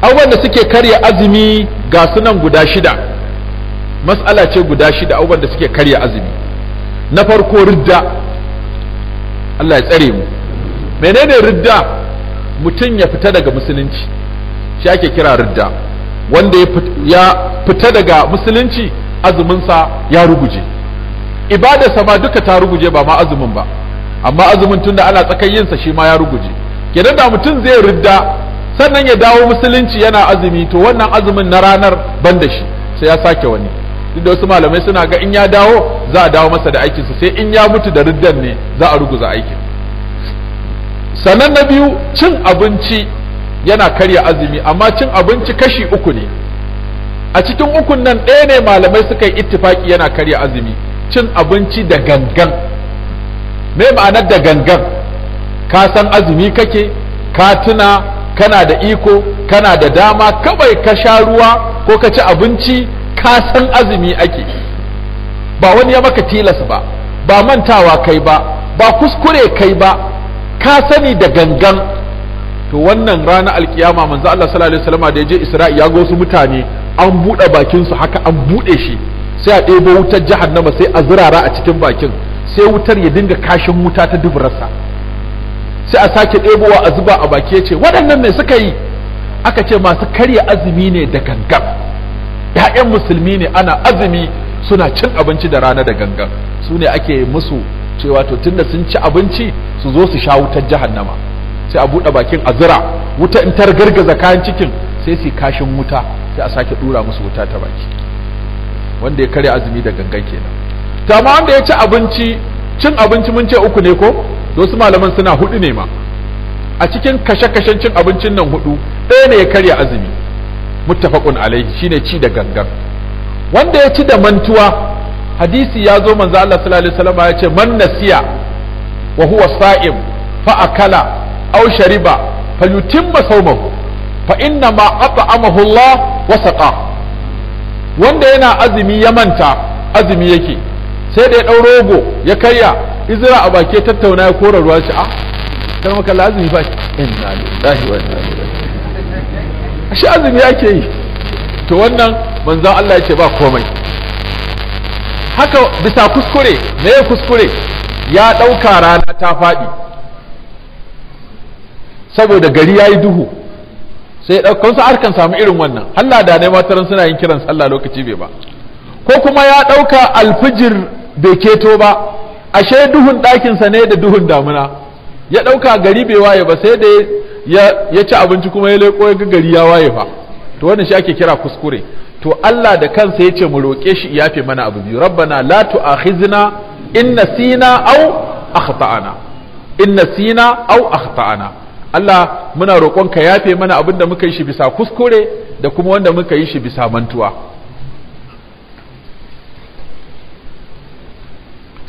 abubuwan da suke karya azumi ga sunan guda shida mas'ala ce guda shida abubuwan da suke karya azumi na farko ridda Allah ya tsare mu menene ridda mutum ya fita daga musulunci shi ake kira ridda wanda ya fita daga musulunci azuminsa ya ruguje ibadarsa ma duka ta ruguje ba ma azumin ba amma azumin tunda ana tsakan yinsa shi ma ya ruguje kenan da mutum zai ridda sannan ya dawo musulunci yana azumi to wannan azumin na ranar ban da shi sai ya sake wani duk da wasu malamai suna ga in ya dawo za a dawo masa da aikinsa sai in ya mutu da riddan ne za a ruguza aikin sannan na biyu cin abinci yana karya azumi amma cin abinci kashi uku ne a cikin ukun nan ɗaya ne malamai suka yi ittifaki yana karya azumi cin abinci da gangan me ma'anar da gangan ka san azumi kake ka tuna kana da iko kana da dama kawai ka sha ruwa ko ka ci abinci ka san azumi ake ba wani ya maka tilas ba ba mantawa kai ba ba kuskure kai ba ka sani da gangan to wannan rana alkiyama manzo Allah sallallahu alaihi wasallam da ya je Isra'i ya ga wasu mutane an buɗe bakin su haka an buɗe shi sai a ɗebo wutar jahannama sai a zurara a cikin bakin sai wutar ya dinga kashin wuta ta dubrarsa sai a sake ɗebowa a zuba a baki ya ce waɗannan me suka yi aka ce masu karya azumi ne da gangan 'ya'yan musulmi ne ana azumi suna cin abinci da rana da ganga su ne ake musu cewa to tunda sun ci abinci su zo su sha wutar jahannama sai a buɗe bakin azura wuta in tar gargaza kayan cikin sai su kashin wuta sai a sake dura musu wuta ta baki wanda ya karya azumi da gangan kenan to amma wanda ya ci abinci cin abinci mun ce uku ne ko su malaman suna hudu ne ma a cikin kashe-kashen cin abincin nan hudu ɗaya ne ya karya azumi muttafaqun alaihi shine ci da gangan wanda ya ci da mantuwa hadisi ya zo manzo Allah sallallahu alaihi wasallam ya ce man nasiya wa huwa sa'im fa akala aw shariba falyutimma sawmahu fa inna ma at'amahu Allah wa saqa wanda yana azumi ya manta azumi yake sai da ya dau rogo ya karya izira a bake tattauna ya kora ruwa shi a ah, kan maka lazimi ba inna lillahi wa inna ilaihi ashe azumi ake yi to wannan manzon Allah ya ce ba komai haka bisa kuskure me ya kuskure ya ɗauka rana ta faɗi saboda gari ya yi duhu sai ya ɗauka wasu arkan samu irin wannan halla da ne mataran suna yin kiran sallah lokaci bai ba ko kuma ya ɗauka alfijir bai keto ba ashe duhun ɗakinsa ne da duhun damuna ya ɗauka gari bai waye ba sai da ya ci abinci kuma ya leko ya gari ya waye fa to wannan shi ake kira kuskure to Allah da kansa ya ce mu roke shi yafe mana abu biyu rabbana la tu'akhizna in nasina aw akhtana in nasina aw akhtana Allah muna roƙon ka yafe mana abin da muka yi shi bisa kuskure da kuma wanda muka yi shi bisa mantuwa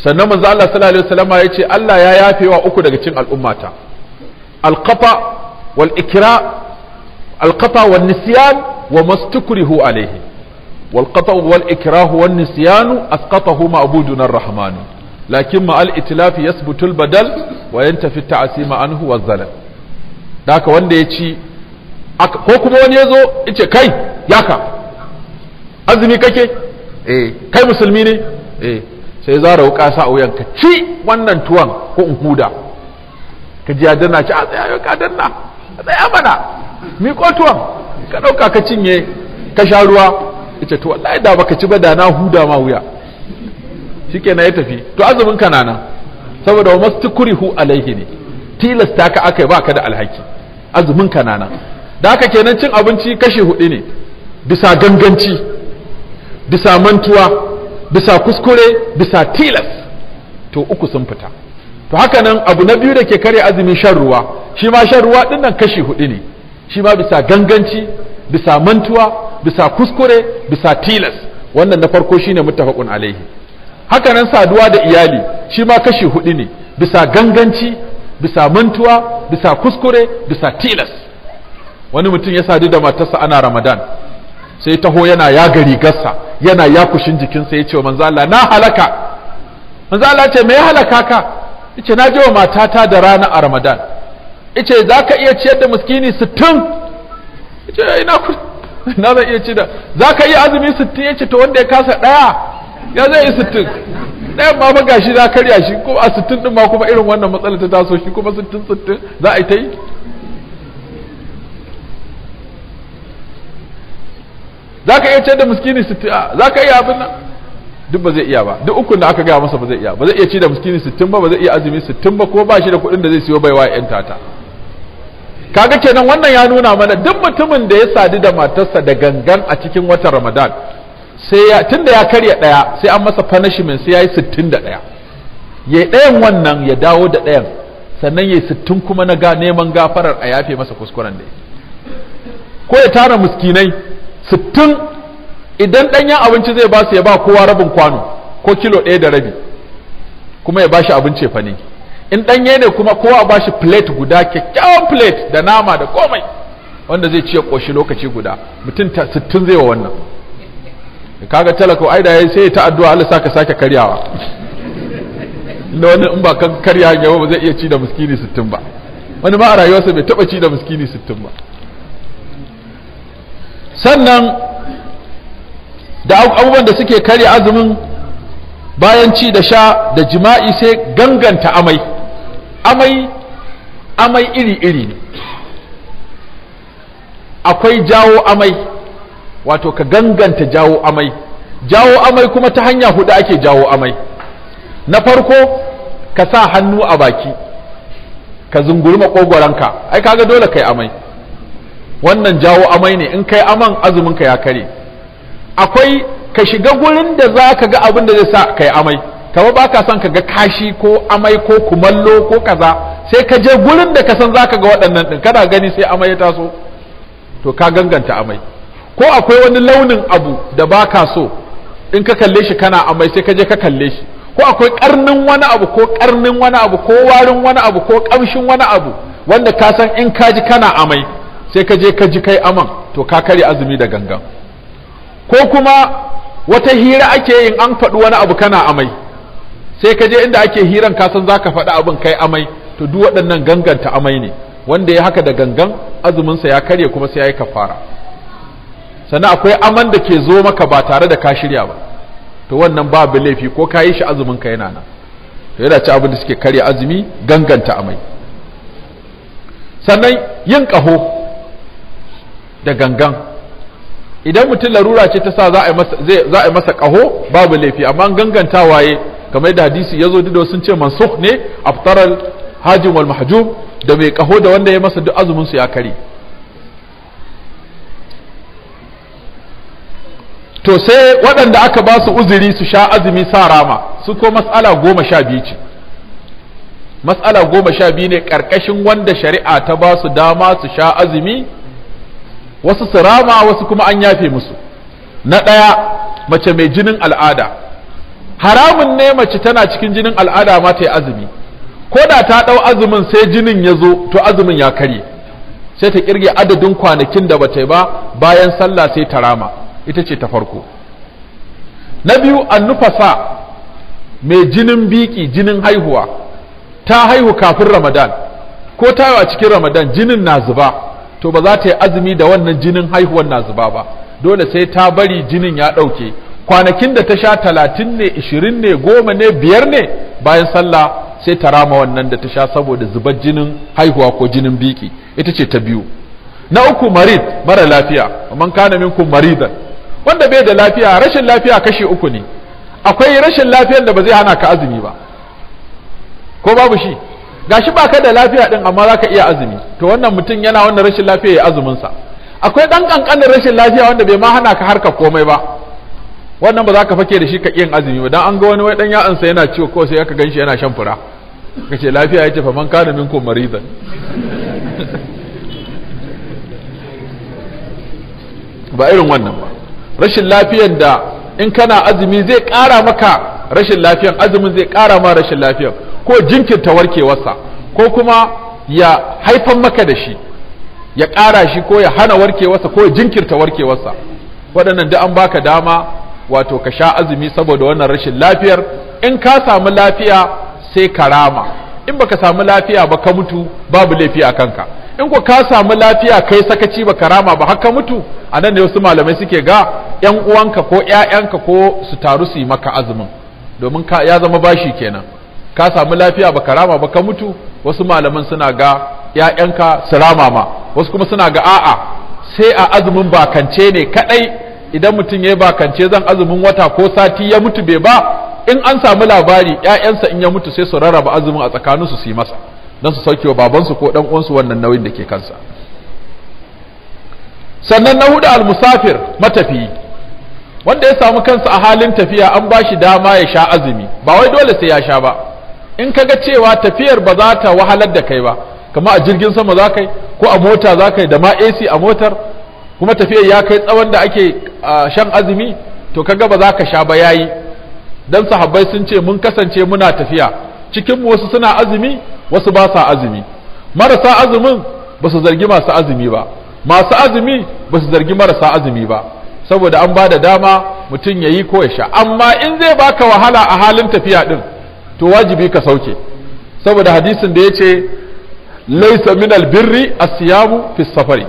sannan manzo Allah sallallahu alaihi wasallam ya ce Allah ya yafe wa uku daga cikin al'ummata alqafa wal ikra al qata wan nisyan wa mastukrihu alayhi wal qata wal ikrah wan nisyan asqatahu ma'buduna ar-rahman ma al itlaf yathbutu al badal wa yantafi at ta'sima anhu wa zalal daka wanda ya ci ko kuma wani ya zo kai azumi kake kai musulmi ne sai zara wuka sa a wuyan ka ci wannan tuwon ko in huda ka ji ya danna ci a tsaya ka danna tsaya mana miƙo ka ɗauka ka cinye ka sha ruwa ita to wallahi da baka ci ba da na huda ma wuya shikenan ya tafi to azumin ka nana saboda hu, alaihi ne tilasta ka akai baka da alhaki azumin ka nana da haka kenan cin abinci kashi hudu ne bisa ganganci bisa mantuwa bisa kuskure bisa tilas to uku sun fita to haka nan abu na biyu da ke karya azumin shan ruwa shi ma shan ruwa din nan kashi hudu ne shi ma bisa ganganci bisa mantuwa bisa kuskure bisa tilas wannan na farko shine muttafaqun alaihi haka nan saduwa da iyali shi ma kashi hudu ne bisa ganganci bisa mantuwa bisa kuskure bisa tilas wani mutum ya sadu da matarsa ana ramadan sai taho yana gari gasa, yana yakushin jikinsa ya ce wa manzo na halaka manzo ce me ya halaka ka ce na je wa matata da rana a ramadan ce za ka iya ciyar da muskini sittin ce ina ku na zai iya ci da za ka iya azumi sittin ya ce to wanda ya kasa daya. ya zai yi sittin ɗayan ma ba gashi na karya shi ko a sittin ɗin ma kuma irin wannan matsala ta taso shi kuma sittin sittin za a yi ta yi za ka iya ciyar da muskini sittin za ka iya abin nan duk ba zai iya ba duk ukun da aka gaya masa ba zai iya ba zai iya ci da miskini sittin ba ba zai iya azumi sittin ba ko ba shi da kuɗin da zai siyo baiwa yan tata kaga kenan wannan ya nuna mana duk mutumin da ya sadu da matarsa da gangan a cikin watan Ramadan sai ya tunda ya karya ɗaya sai an masa punishment sai yayi ɗaya. yayi dayan wannan ya dawo da ɗayan sannan yayi sittin kuma na ga neman gafarar a yafe masa kuskuren da ya. ko ya tara miskinai sittin. idan ɗanyen abinci zai ba su ya ba kowa rabin kwano ko kilo ɗaya da rabi kuma ya ba shi abinci fa cefane in ɗanye ne kuma kowa ba shi plate guda kyakkyawan plate da nama da komai wanda zai ci ya ƙoshi lokaci guda mutum sittin zai wa wannan kaga talaka ai da sai ta addu'a Allah saka sake karyawa inda wani in ba kan karya gaba ba zai iya ci da miskini sittin ba wani ma a rayuwarsa bai taɓa ci da miskini sittin ba sannan da abubuwan da suke karya azumin bayan ci da sha da jima'i sai ganganta amai amai amai iri-iri akwai jawo amai wato ka ganganta jawo amai jawo amai kuma ta hanya hudu ake jawo amai na farko ka sa hannu a baki ka zunguri makogoranka ai kaga dole kai amai wannan jawo amai ne in kai aman azumin ka ya kare akwai ka shiga gurin da za ka ga abin da zai sa kai amai kama ba ka son ka ga kashi ko amai ko kumallo ko kaza sai ka je gurin da ka san za ka ga waɗannan ɗin kana gani sai amai ya taso to ka ganganta amai ko akwai wani launin abu da ba ka so in ka kalle shi kana amai sai ka je ka kalle shi ko akwai karnin wani abu ko karnin wani abu ko warin wani abu ko kamshin wani abu wanda ka san in ka ji kana amai sai ka je ka ji kai aman to ka karya azumi da gangan ko kuma wata hira ake yin an faɗi wani abu kana amai sai ka je inda ake hiran ka san zaka faɗi abin kai amai to duk waɗannan ganganta amai ne wanda ya haka da gangan azuminsa ya karye kuma sai ya yi kafara sannan akwai aman da ke zo maka ba tare da ka shirya ba to wannan babu laifi ko ka yi shi azumin ka yana nan to yana ci abin da suke karya azumi ganganta amai sannan yin kaho da gangan idan mutum larura ce ta sa za a yi masa ƙaho babu laifi amma ganganta waye kamar yadda hadisi ya zo duk da sun ce masu ne aftaral hajin wal mahjub da mai ƙaho da wanda ya masa duk azumin su ya kare to sai waɗanda aka ba su uzuri su sha azumi sa rama su ko mas'ala goma sha biyu ce mas'ala goma sha biyu ne ƙarƙashin wanda shari'a ta ba su dama su sha azumi wasu su rama wasu kuma an yafe musu na ɗaya mace mai jinin al'ada haramun ne mace tana cikin jinin al'ada ma ta yi azumi ko da ta ɗau azumin sai jinin ya zo to azumin ya karye sai ta kirge adadin kwanakin da bata yi ba bayan sallah sai ta rama ita ce ta farko na biyu nufasa mai jinin biki jinin haihuwa ta haihu kafin ramadan ko ta a cikin ramadan jinin na zuba to ba za ta yi azumi da wannan jinin haihuwar na zuba ba dole sai ta bari jinin ya ɗauke kwanakin da ta sha talatin ne ishirin ne goma ne biyar ne bayan sallah sai ta rama wannan da ta sha saboda zubar jinin haihuwa ko jinin biki ita ce ta biyu na uku marid mara lafiya amma kana minkum maridan wanda bai da lafiya rashin lafiya kashi uku ne akwai rashin lafiyar da ba zai hana ka azumi ba ko babu shi gashi baka da lafiya din amma zaka iya azumi to wannan mutum yana wannan rashin lafiya ya azumin sa akwai dan kankanin rashin lafiya wanda bai ma hana ka harka komai ba wannan ba za ka fake da shi ka yin azumi ba dan an ga wani wai dan ya'ansa yana ciwo ko sai ka ganshi yana shan fura kace lafiya yace fa man kana minkum maridan ba irin wannan ba rashin lafiyan da in kana azumi zai kara maka rashin lafiyan azumin zai kara ma rashin lafiyan ko jinkirta warkewarsa ko kuma ya haifan maka da shi ya ƙara shi ko ya hana warkewarsa ko ya jinkirta warkewarsa waɗannan da an baka dama wato ka sha azumi saboda wannan rashin lafiyar in ka samu lafiya sai ka rama in baka samu lafiya ba ka mutu babu laifi a kanka in ko ka samu lafiya kai sakaci ba rama ba haka mutu a nan ne wasu malamai suke ga yan uwanka ko ƴaƴanka ko su taru su yi maka azumin domin ya zama bashi kenan ka samu lafiya baka rama ba ka mutu wasu malaman suna ga ‘ya'yanka su rama ma wasu kuma suna ga a'a sai a azumin bakance ne kaɗai. idan mutum ya yi bakance zan azumin wata ko sati ya mutu bai ba in an samu labari ‘ya'yansa in ya mutu sai su rarraba azumin a tsakanin su yi masa don su sauke wa babansu ko ɗan uwansu wannan nauyin da ke kansa sannan na hudu almusafir matafiyi wanda ya samu kansa a halin tafiya an ba shi dama ya sha azumi ba wai dole sai ya sha ba in ka ga cewa tafiyar ba za ta wahalar da kai ba kama a jirgin sama za ka yi ko a mota za ka yi da ma ac a motar kuma tafiyar ya kai tsawon da ake shan azumi to kaga ba za ka sha ba yayi dan sahabbai sun ce mun kasance muna tafiya cikin mu wasu suna azumi wasu ba sa azumi marasa azumin ba su zargi masu azumi ba masu azumi ba su zargi marasa azumi ba saboda an ba da dama mutum ya yi ko ya sha amma in zai baka wahala a halin tafiya din to wajibi ka sauke saboda hadisin da ya ce laisa min albirri asiyamu fi safari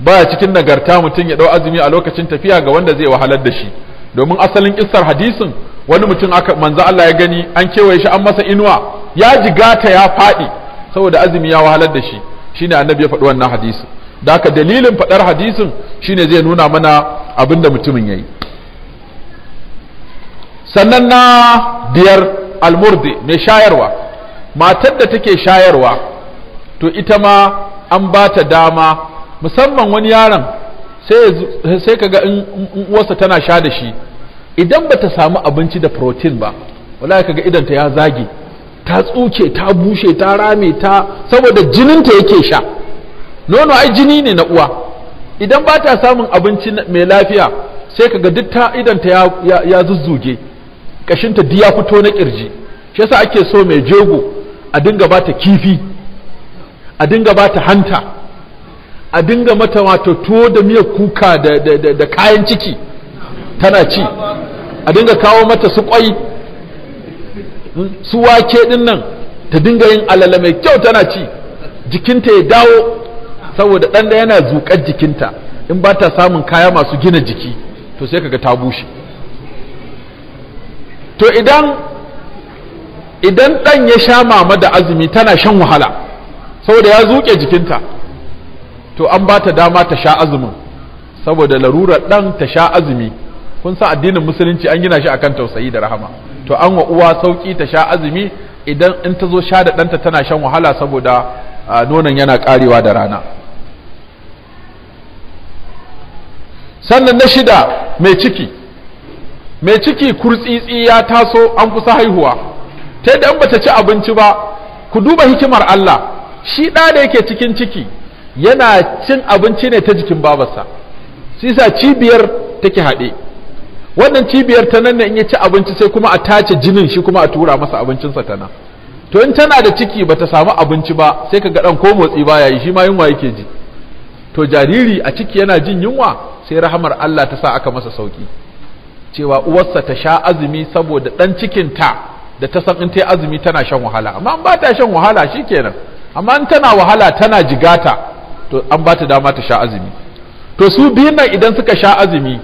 baya cikin nagarta mutum ya dau azumi a lokacin tafiya ga wanda zai wahalar da shi domin asalin kissar hadisin wani mutum aka manzo Allah ya gani an kewaye shi an masa inuwa ya jigata ya fadi saboda azumi ya wahalar da shi shine annabi ya faɗi wannan hadisin da haka dalilin faɗar hadisin shine zai nuna mana abinda mutumin yayi sannan na biyar almurdi mai shayarwa matar da take shayarwa to ita ma an ba ta dama musamman wani yaron sai ka ga in uwarsa tana sha da shi idan ba ta samu abinci da protein ba wallahi kaga idanta ya zage ta tsuke ta bushe ta rame ta saboda jininta yake sha nono ai jini ne na uwa idan ba ta samun abinci mai lafiya sai kaga duk ta idanta ya, ya zuzzuge kashinta duk ya fito na kirji shi yasa ake so mai jego a dinga ba ta kifi a dinga ba ta hanta a dinga mata wato tuwo da miyar kuka da kayan ciki tana ci a dinga kawo mata su kwai su wake din nan ta dinga yin alala mai kyau tana ci jikinta ya dawo saboda ɗanda yana zuƙar jikinta in ba ta samun kaya masu gina jiki to sai kaga ta bushe to idan idan ɗan ya sha mama da azumi tana shan wahala saboda ya zuke jikinta to an ba ta dama ta sha azumin saboda larurar ɗan ta sha azumi kun san addinin musulunci an gina shi akan tausayi da rahama to an wa uwa sauki ta sha azumi idan in ta zo sha da ɗanta tana shan wahala saboda nonon yana karewa da rana sannan na shida mai ciki mai ciki kurtsitsi ya taso an kusa haihuwa ta yadda an ta ci abinci ba ku duba hikimar Allah shi ɗa da yake cikin ciki yana cin abinci ne ta jikin babarsa sisa cibiyar take haɗe wannan cibiyar ta nan ne in ya ci abinci sai kuma a tace jinin shi kuma a tura masa abincinsa ta nan to in tana da ciki ba ta samu abinci ba sai ka ga ɗan ko motsi ba ya yi, shi ma yunwa yake ji to jariri a ciki yana jin yunwa sai rahamar Allah ta sa aka masa sauki cewa uwarsa ta sha azumi saboda dan cikinta da ta san in ta azumi tana shan wahala amma an ba ta shan wahala shikenan amma in tana wahala tana jigata to an ba ta dama ta sha azumi to su biyun nan idan suka sha azumi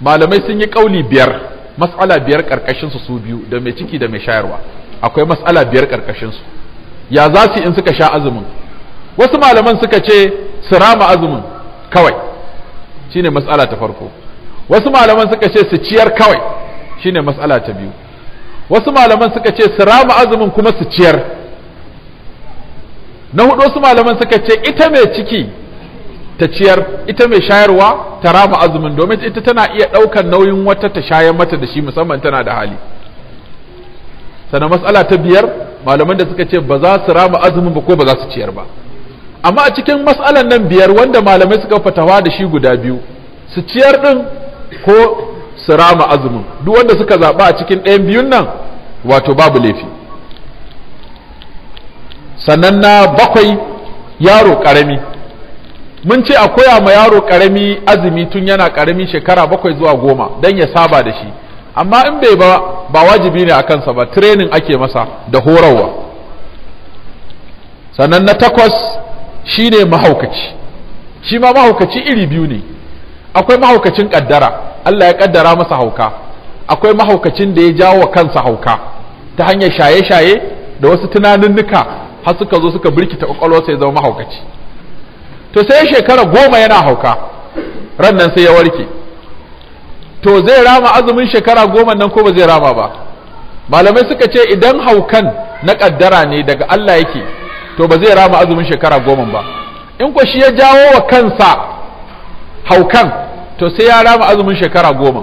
malamai sun yi kauli biyar mas'ala biyar karkashin su su biyu da mai ciki da mai shayarwa akwai mas'ala biyar karkashin su ya za su in suka sha azumin wasu malaman suka ce su rama azumin kawai shine mas'ala ta farko wasu malaman suka ce su ciyar kawai shine matsala ta biyu wasu malaman suka ce su rama azumin kuma su ciyar na hudu wasu malaman suka ce ita mai ciki ta ciyar ita mai shayarwa ta rama azumin domin ita tana iya ɗaukar nauyin wata ta shayar mata da shi musamman tana da hali sana matsala ta biyar malaman da suka ce ba za su rama azumin ba ko ba za su ciyar ba amma a cikin matsalan nan biyar wanda malamai suka fatawa da shi guda biyu su ciyar din ko sirama rama azumin duk wanda suka zaba a cikin ɗayan biyun nan wato babu laifi sannan na bakwai yaro ƙarami mun ce a koya ma yaro ƙarami azumi tun yana ƙarami shekara bakwai zuwa goma don ya saba da shi amma in bai ba ba wajibi ne a kansa ba training ake masa da horarwa sannan na takwas shi ne mahaukaci shi ma mahaukaci iri biyu ne akwai mahaukacin kaddara Allah ya kaddara masa hauka akwai mahaukacin da ya jawo kansa hauka ta hanyar shaye-shaye da wasu tunaninnika har suka zo suka birkita kwakwalwarsa ya zama mahaukaci to sai shekara goma yana hauka ran nan sai ya warke to zai rama azumin shekara goma nan ko ba zai rama ba malamai suka ce idan haukan na kaddara ne daga Allah yake to ba zai rama azumin shekara goma ba in ko shi ya jawo wa kansa haukan to sai ya rama azumin shekara goma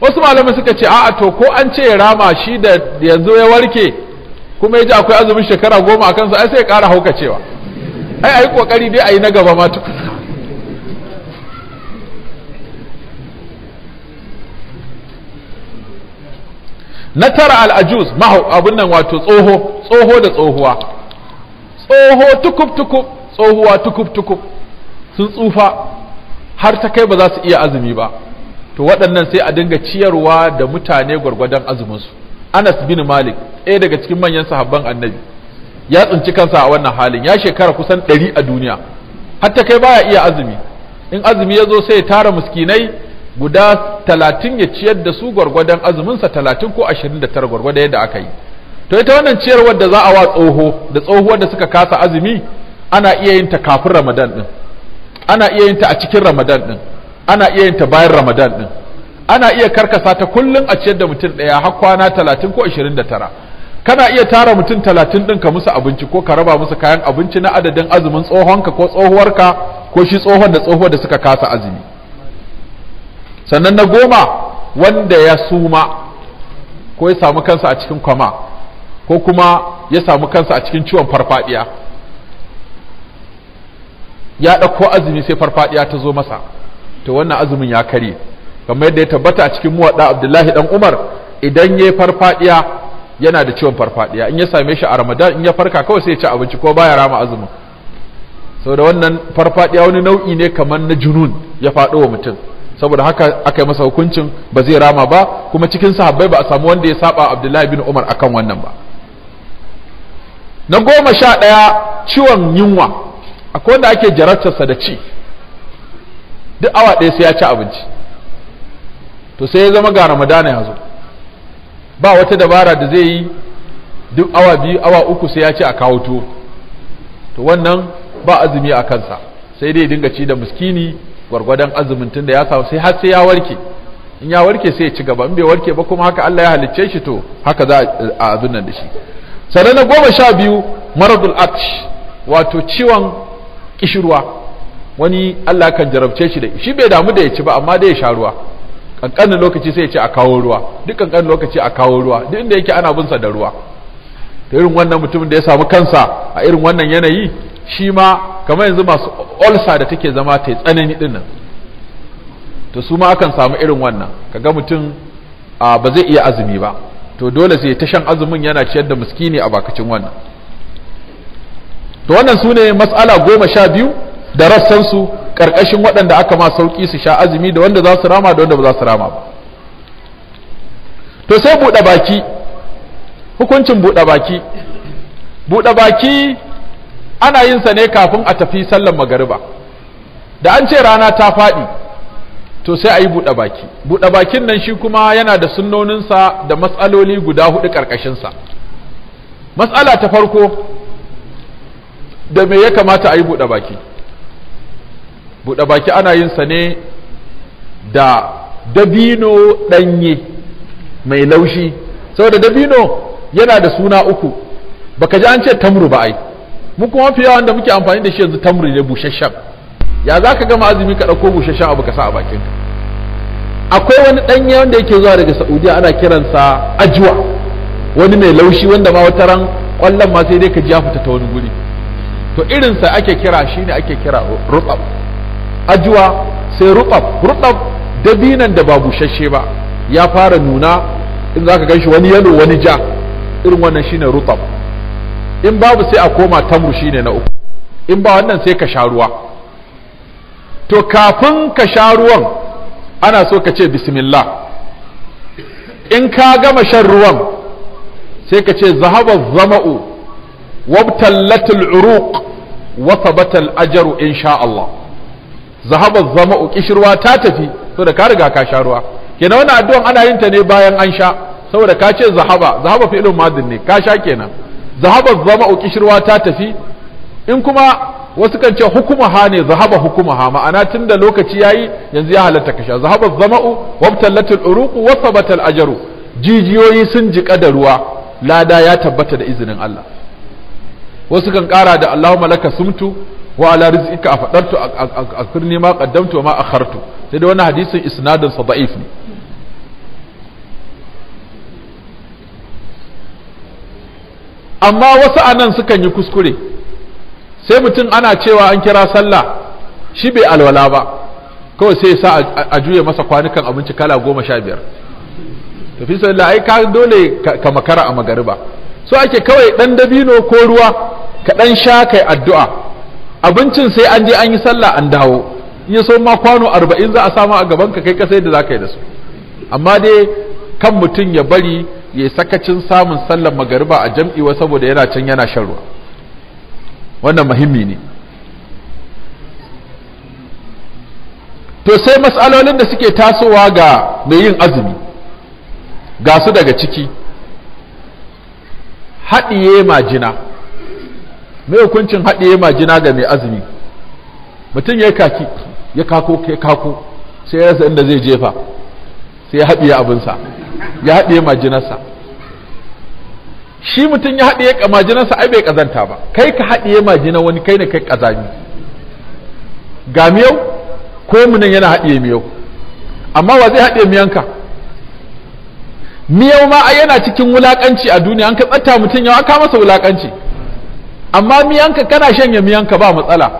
wasu malamai suka ce a'a to ko an ce ya rama shi da yanzu ya warke kuma ya ji akwai azumin shekara goma a kansa ai sai ya ƙara haukacewa ai a yi ƙoƙari dai a yi na gaba ma na tara al'ajuz mahau abin nan wato tsoho tsoho da tsohuwa tsoho tukub tukub tsohuwa tukub tukub sun tsufa har ta kai ba za su iya azumi ba to waɗannan sai a dinga ciyarwa da mutane gwargwadon azuminsu anas bin malik ɗaya daga cikin manyan sahabban annabi ya tsinci kansa a wannan halin ya shekara kusan ɗari a duniya har ta kai baya iya azumi in azumi ya zo sai ya tara muskinai guda talatin ya ciyar da su gwargwadon azuminsa talatin ko ashirin da tara gwargwadon yadda aka yi to ita wannan ciyarwar da za a wa tsoho da tsohuwar da suka kasa azumi ana iya yin ta kafin ramadan ɗin ana iya yin ta a cikin ramadan din ana iya yin ta bayan ramadan din ana iya karkasa ta kullum a ciyar da mutum daya har kwana 30 ko da tara. kana iya tara mutum talatin din ka musu abinci ko ka raba musu kayan abinci na adadin azumin tsohonka ko tsohuwarka ko shi tsohon da tsohuwar da suka kasa azumi sannan na goma wanda ya suma ko ya samu kansa a cikin kwama ko kuma ya samu kansa a cikin ciwon farfadiya ya ɗauko azumi sai farfadiya ta zo masa to wannan azumin ya kare kamar yadda ya tabbata a cikin muwaɗa abdullahi dan umar idan ya farfadiya yana da ciwon farfadiya in ya same shi a ramadan in ya farka kawai sai ya ci abinci ko baya rama azumin da wannan farfadiya wani nau'i ne kamar na junun ya faɗo wa mutum saboda haka aka yi masa hukuncin ba zai rama ba kuma cikin sahabbai ba a samu wanda ya saba abdullahi bin umar akan wannan ba na goma sha ɗaya ciwon yunwa akwai wanda ake jarartarsa da ci duk awa ɗaya sai ya ci abinci to sai ya zama ga ramadana ya zo ba wata dabara da zai yi duk awa biyu awa uku sai ya ci a kawo tuwo to wannan ba azumi a kansa sai dai dinga ci da miskini gwargwadon azumin tun da ya samu sai har sai ya warke in ya warke sai ya ci gaba in bai warke ba kuma haka Allah ya halicce shi to haka za a azunan da shi sannan goma sha biyu maradul atsh wato ciwon kishirwa wani Allah kan jarabce shi da shi bai damu da ya ci ba amma dai ya sha ruwa kankanin lokaci sai ya ce a kawo ruwa duk kankanin lokaci a kawo ruwa duk inda yake ana bin sa da ruwa da irin wannan mutumin da ya samu kansa a irin wannan yanayi shi ma kamar yanzu masu olsa da take zama ta tsanani nan to su ma akan samu irin wannan kaga mutum ba zai iya azumi ba to dole sai ta shan azumin yana ciyar da miskini a bakacin wannan to wannan su ne matsala goma sha biyu da rassansu ƙarƙashin waɗanda aka ma sauƙi su sha azumi da wanda za su rama da wanda ba za su rama ba to sai buɗe baki hukuncin buɗe baki buɗe baki ana yin sa ne kafin a tafi sallar magariba da an ce rana ta faɗi to sai a yi buɗe baki buɗe bakin nan shi kuma yana da sunnoninsa da matsaloli guda huɗu ƙarƙashinsa matsala ta farko da me ya kamata a yi buɗe baki buɗe baki ana yin sa ne da dabino ɗanye mai laushi saboda dabino yana da suna uku baka ji an ce tamru ba ai mu kuma fi yawan da muke amfani da shi yanzu tamru ne busasshen ya za ka gama azumi ka ɗauko busasshen abu ka sa a bakin akwai wani ɗanye wanda yake zuwa daga saudiya ana kiransa ajuwa wani mai laushi wanda ma wata ran ƙwallon ma sai dai ka ji ya fita ta wani guri to irinsa ake kira shine ake kira rubab ajuwa sai rubab rubab dabinan da ba bushashe ba ya fara nuna in za gan ganshi wani yalo wani ja irin wannan shi ne rubab in babu sai a koma tamru ne na uku in ba wannan sai ka sha ruwa to kafin ka sha ruwan ana so ka ce bismillah in ka gama shan ruwan sai ka ce zahabar zama'u وابتلت العروق وثبت الأجر إن شاء الله ذهب الظمأ كشروا تاتفي سودا كارغا كاشاروا كنا وانا أدوان أنا ينتني باين أنشاء سودا كاشي ذهب ذهب في إلو مادني كاشا كنا ذهب الظمأ كشروا تاتفي in kuma wasu kan ce hukuma ha ne zahaba hukuma ha ma'ana tun da lokaci yayi yanzu ya halatta kasha zahaba zama'u wabtallatul uruqu wa thabata ajru jijiyoyi sun jika da ruwa lada ya tabbata da izinin Allah wasu kan kara da Allahumma laka sumtu wa ala rizqika afadartu a'kirni ma qaddamtu wa ma akhartu sai da wannan hadisin isnadin sa da'if ne amma wasu anan sukan yi kuskure sai mutum ana cewa an kira sallah shi bai alwala ba kawai sai ya sa a juya masa kwanukan abinci kala goma sha biyar tafi sallah ai ka dole ka makara a magariba so ake kawai ɗan dabino ko ruwa ka ɗan sha kai addu'a abincin sai an je an yi sallah an dawo in so ma kwano arba'in za a samu a gaban ka kai kasai da za ka yi da su amma dai kan mutum ya bari ya sakacin samun sallar magariba a jam'iwa saboda yana can yana shan ruwa wannan muhimmi ne to sai matsalolin da suke tasowa ga mai yin azumi ga su daga ciki haɗiye majina mai hukuncin haɗiye majina ga mai azumi mutum ya kaki ya kako ya kako sai ya rasa inda zai jefa sai ya haɗiye abinsa ya haɗiye majinarsa shi mutum ya haɗiye majinarsa ai bai ƙazanta ba kai ka haɗiye majina wani kai ne kai ƙazami ga miyau ko munan yana haɗiye miyau amma wa zai haɗiye miyanka miyau ma yana cikin wulakanci a duniya an ka tsatta mutum yau aka masa wulakanci amma miyanka kana ya miyanka ba matsala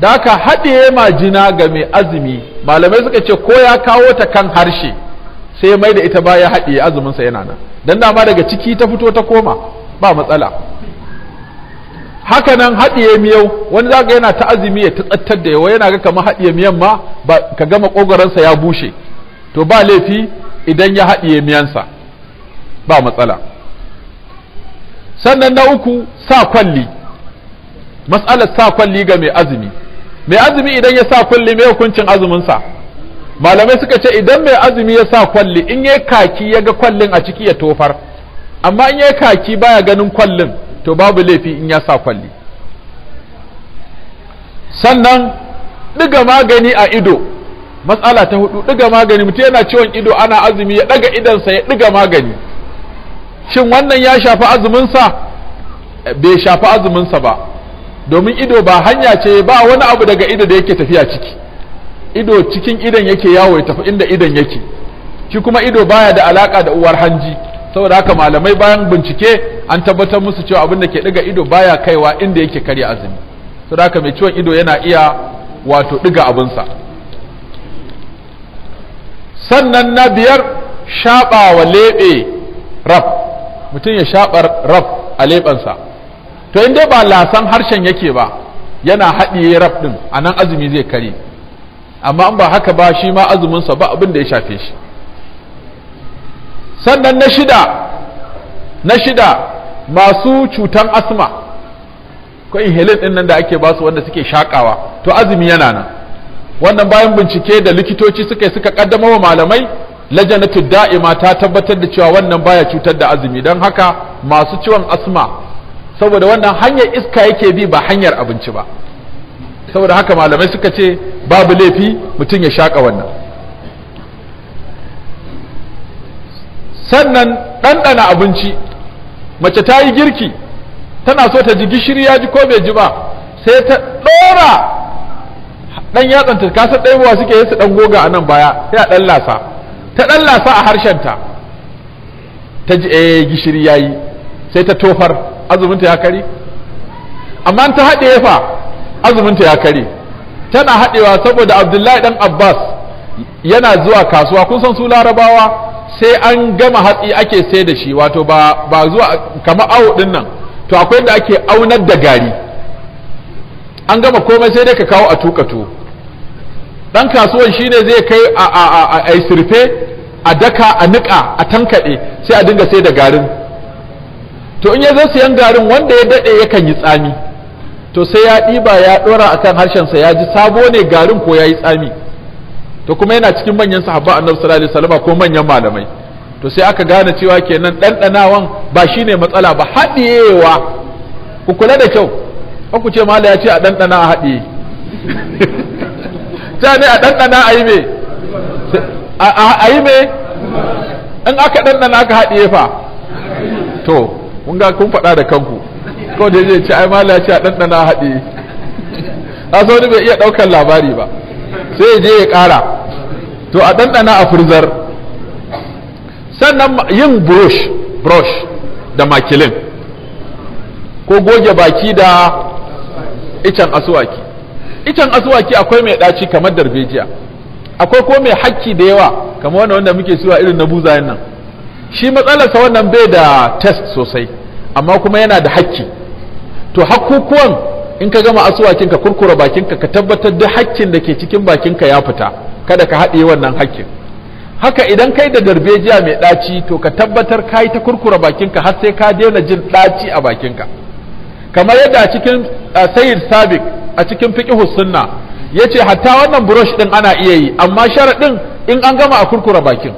da aka haɗiye majina ga mai azumi malamai suka ce ko ya kawo ta kan harshe sai mai da ita baya haɗiye azuminsa yana nan don dama daga ciki ta fito ta koma ba matsala haka nan haɗiye miyau wani zaka yana ta azumi ya ta tsattar da yawa yana ga kamar haɗiye miyan ma ka gama ƙogoransa ya bushe to ba laifi idan ya haɗiye miyansa ba matsala sannan na uku sa kwalli matsalar sa kwalli ga mai azumi mai azumi idan ya sa kwalli mai hukuncin azuminsa malamai suka ce idan mai azumi ya sa kwalli in ya kaki ya ga kwallin a ciki ya tofar amma in ya kaki baya ganin kwallin to babu laifi in ya sa kwalli sannan ɗiga magani a ido matsala ta hudu ɗiga magani mutum yana ciwon ido ana azumi ya ɗaga idansa ya ɗiga magani shin wannan ya shafi azuminsa eh, bai shafi azuminsa ba domin ido ba hanya ce ba wani abu daga ido da yake tafiya ciki ido cikin idon yake yawo ya tafi inda idon yake shi kuma ido baya da alaka da uwar hanji saboda haka malamai bayan bincike an tabbatar musu cewa abin da ke diga ido baya kaiwa inda yake karya azumi saboda haka mai ciwon ido yana iya wato ɗiga abinsa sannan na biyar shaɓawa leɓe rab mutum ya shaɓar raf a leɓensa to in dai ba lasan harshen yake ba yana haɗiye raf ɗin a nan azumi zai kare amma in ba haka ba shi ma azuminsa ba abin da ya shafe shi sannan na shida na shida masu cutan asma ko inhalin ɗin nan da ake basu wanda suke shaƙawa to azumi yana nan wannan bayan bincike da likitoci suka suka ƙaddamar wa malamai lajanatu da'ima ta tabbatar da cewa wannan baya cutar da azumi don haka masu ciwon asma saboda wannan hanyar iska yake bi ba hanyar abinci ba saboda haka malamai suka ce babu laifi mutum ya shaƙa wannan sannan ɗanɗana abinci mace ta yi girki tana so ta ji gishiri ya ji ko bai ji ba sai ta ɗora ɗan yatsanta kasar ɗaibowa suke yi su ɗan goga a nan baya sai a ɗan lasa ta ɗan lasa a harshenta ta ji eh gishiri yi, sai ta tofar azuminta ya kari amma ta haɗe fa azuminta ya kari tana haɗewa saboda abdullahi ɗan abbas yana zuwa kasuwa kun san su larabawa sai an gama hatsi ake sai da shi wato ba zuwa kamar awo ɗin nan to akwai da ake aunar da gari an gama komai sai dai ka kawo a tukatu. dan kasuwan shine zai kai a a a a daka a niƙa a tankaɗe sai a dinga sai da garin to in ya zo siyan garin wanda ya daɗe yakan yi tsami to sai ya ɗiba ya ɗora akan sa, ya ji sabo ne garin ko ya yi tsami to kuma yana cikin manyan sahabba annabi sallallahu alaihi ko manyan malamai to sai aka gane cewa kenan ɗanɗanawan ba shine matsala ba haɗiyewa ku kula da kyau ku ce mala ya ce a ɗanɗana a haɗiye Sai ne a ɗanɗana a yi me a yi me in aka ɗanɗana aka haɗiye fa to kun ga kun faɗa da kanku kawai da zai ce ai mala ya a ɗanɗana haɗiye a so bai iya ɗaukar labari ba sai je ya ƙara to a ɗanɗana a furzar sannan yin brush brush da makilin ko goge baki da icen asuwaki itan asuwaki akwai mai ɗaci kamar darbejiya akwai ko mai hakki da yawa kamar wannan wanda muke suwa irin na buzayen nan shi matsalarsa wannan bai da test sosai amma kuma yana da hakki to hakkukuwan in ka gama asuwakin ka kurkura bakinka ka tabbatar da hakkin da ke cikin bakinka ya fita kada ka haɗe wannan hakkin haka idan kai da darbejiya mai ɗaci to ka tabbatar ka yi ta kurkura bakinka har sai ka daina jin ɗaci a bakinka kamar yadda cikin sayid sabik a cikin fiqh sunna yace hatta wannan brush din ana iya yi amma sharadin in an gama a kurkure bakin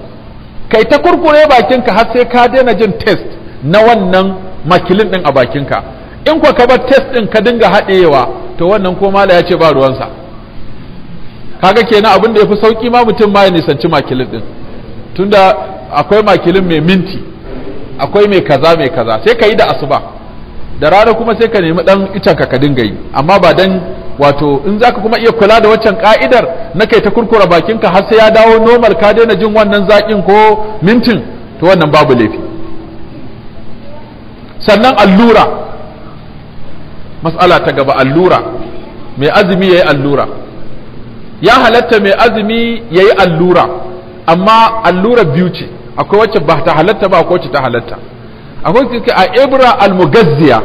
kai ta kurkure bakinka har sai ka daina jin test na wannan makilin ɗin a bakin ka in kwa ka bar test ɗin ka dinga haɗewa to wannan ko mala ya ce ba ruwansa kaga kenan abin da ya fi sauki ma mutum ma ya nisanci makilin din tunda akwai makilin mai minti akwai mai kaza mai kaza sai ka yi da asuba da rana kuma sai ka nemi dan itanka ka dinga yi amma ba dan wato in zaka kuma iya kula da waccan ka'idar na kai ta kurkura bakin ka har sai ya dawo normal ka daina jin wannan zakin ko mintin to wannan babu laifi sannan allura mas'ala ta gaba allura mai azumi yayi allura ya halatta mai azumi yayi allura amma allura biyu ce akwai wacce ba ta halatta ba akwai wacce ta halatta akwai suke a ibra almugazziya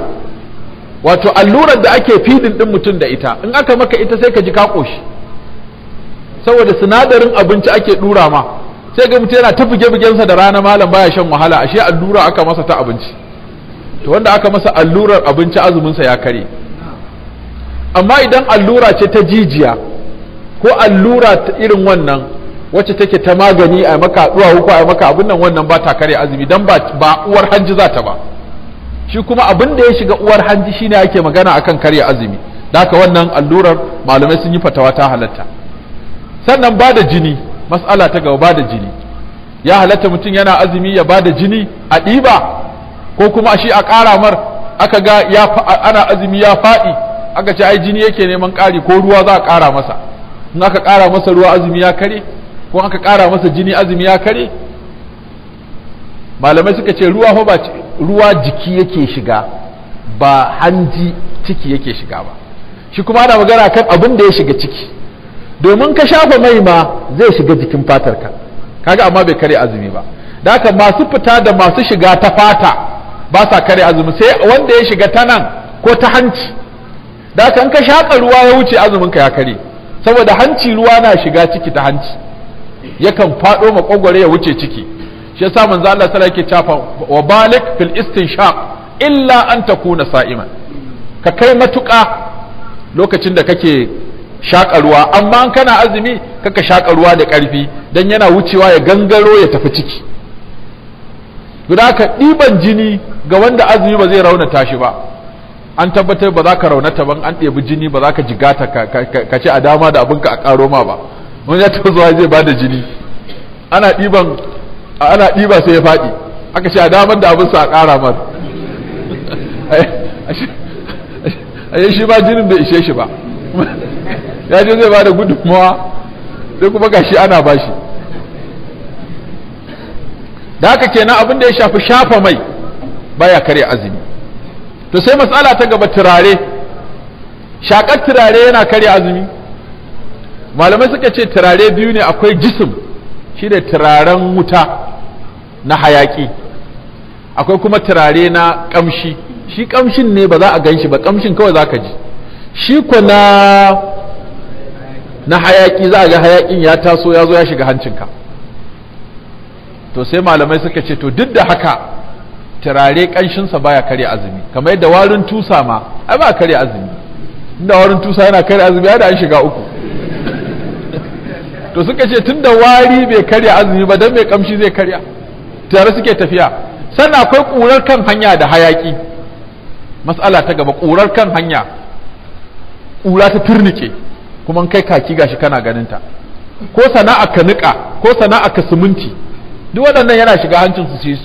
wato allurar da ake fidin din mutum da ita in aka maka ita sai ka ji ka koshi saboda sinadarin abinci ake dura ma sai ga mutum yana ta buge bugensa da rana malam baya shan wahala ashe allura aka masa ta abinci to wanda aka masa allurar abinci azuminsa ya kare amma idan allura ce ta jijiya ko allura irin wannan wacce take ta magani a maka duwa uku a maka abin nan wannan ba ta kare azumi dan ba ba uwar hanji za ta ba shi kuma abin da ya shiga uwar hanji shi ne ake magana akan kare azumi haka wannan allurar malamai sun yi fatawa ta halatta sannan ba da jini mas'ala ta gaba ba da jini ya halatta mutum yana azumi ya ba da jini a ɗiba ko kuma shi a ƙara mar aka ga ana azumi ya faɗi aka ce ai jini yake neman ƙari ko ruwa za a ƙara masa in aka ƙara masa ruwa azumi ya kare ko aka ƙara masa jini azumi ya kare malamai suka ce ruwa ba ruwa jiki yake shiga ba hanji ciki yake shiga ba shi kuma ana magana kan abin da ya shiga ciki domin ka shafa mai ma zai shiga jikin fatarka kaga amma bai kare azumi ba da haka masu fita da masu shiga ta fata ba sa kare azumi sai wanda ya shiga ta nan ko ta hanci da haka in ka shaka ruwa ya wuce azumin ka ya kare saboda hanci ruwa na shiga ciki ta hanci yakan faɗo maƙogwaro ya wuce ciki shi yasa manzo Allah sallallahu alaihi wasallam yake wa balik fil istinshaq illa an takuna sa'iman ka kai matuƙa lokacin da kake shaƙa ruwa amma an kana azumi kaka shaƙa ruwa da ƙarfi dan yana wucewa ya gangaro ya tafi ciki guda ka ɗiban jini ga wanda azumi ba zai raunata shi ba an tabbatar ba za ka raunata ban an ɗebi jini ba za ka jigata ka ce a dama da abinka a ƙaro ma ba wani ya taɓa zuwa zai ba da jini ana ɗiban ana ɗiba sai ya faɗi aka ce a damar da abin sa a ƙara mar a shi ba jinin bai ishe shi ba ya je zai ba da gudunmawa sai kuma gashi ana bashi. da haka kenan abin da ya shafi shafa mai baya karya azumi to sai matsala ta gaba turare shakar turare yana karya azumi malamai suka ce turare biyu ne akwai jisim shi da turaren wuta na hayaki akwai kuma turare na kamshi shi kamshin ne ba za a ganshi ba kamshin kawai za ka ji shi ko na na hayaki za a ga hayakin ya taso ya zo ya shiga hancinka to sai malamai suka ce to duk da haka turare kanshinsa baya karya azumi kamar yadda warin tusa ma ai ba karya azumi inda warin tusa yana karya azumi ya da an shiga uku to suka ce tun da wari bai karya azumi ba dan mai kamshi zai karya tare suke tafiya sannan akwai ƙurar kan hanya da hayaki matsala ta gaba ƙurar kan hanya ƙura ta turnike kuma kai kaki gashi kana ganinta. ko sana'a ka nika ko sana'a ka siminti duk waɗannan yana shiga hancin su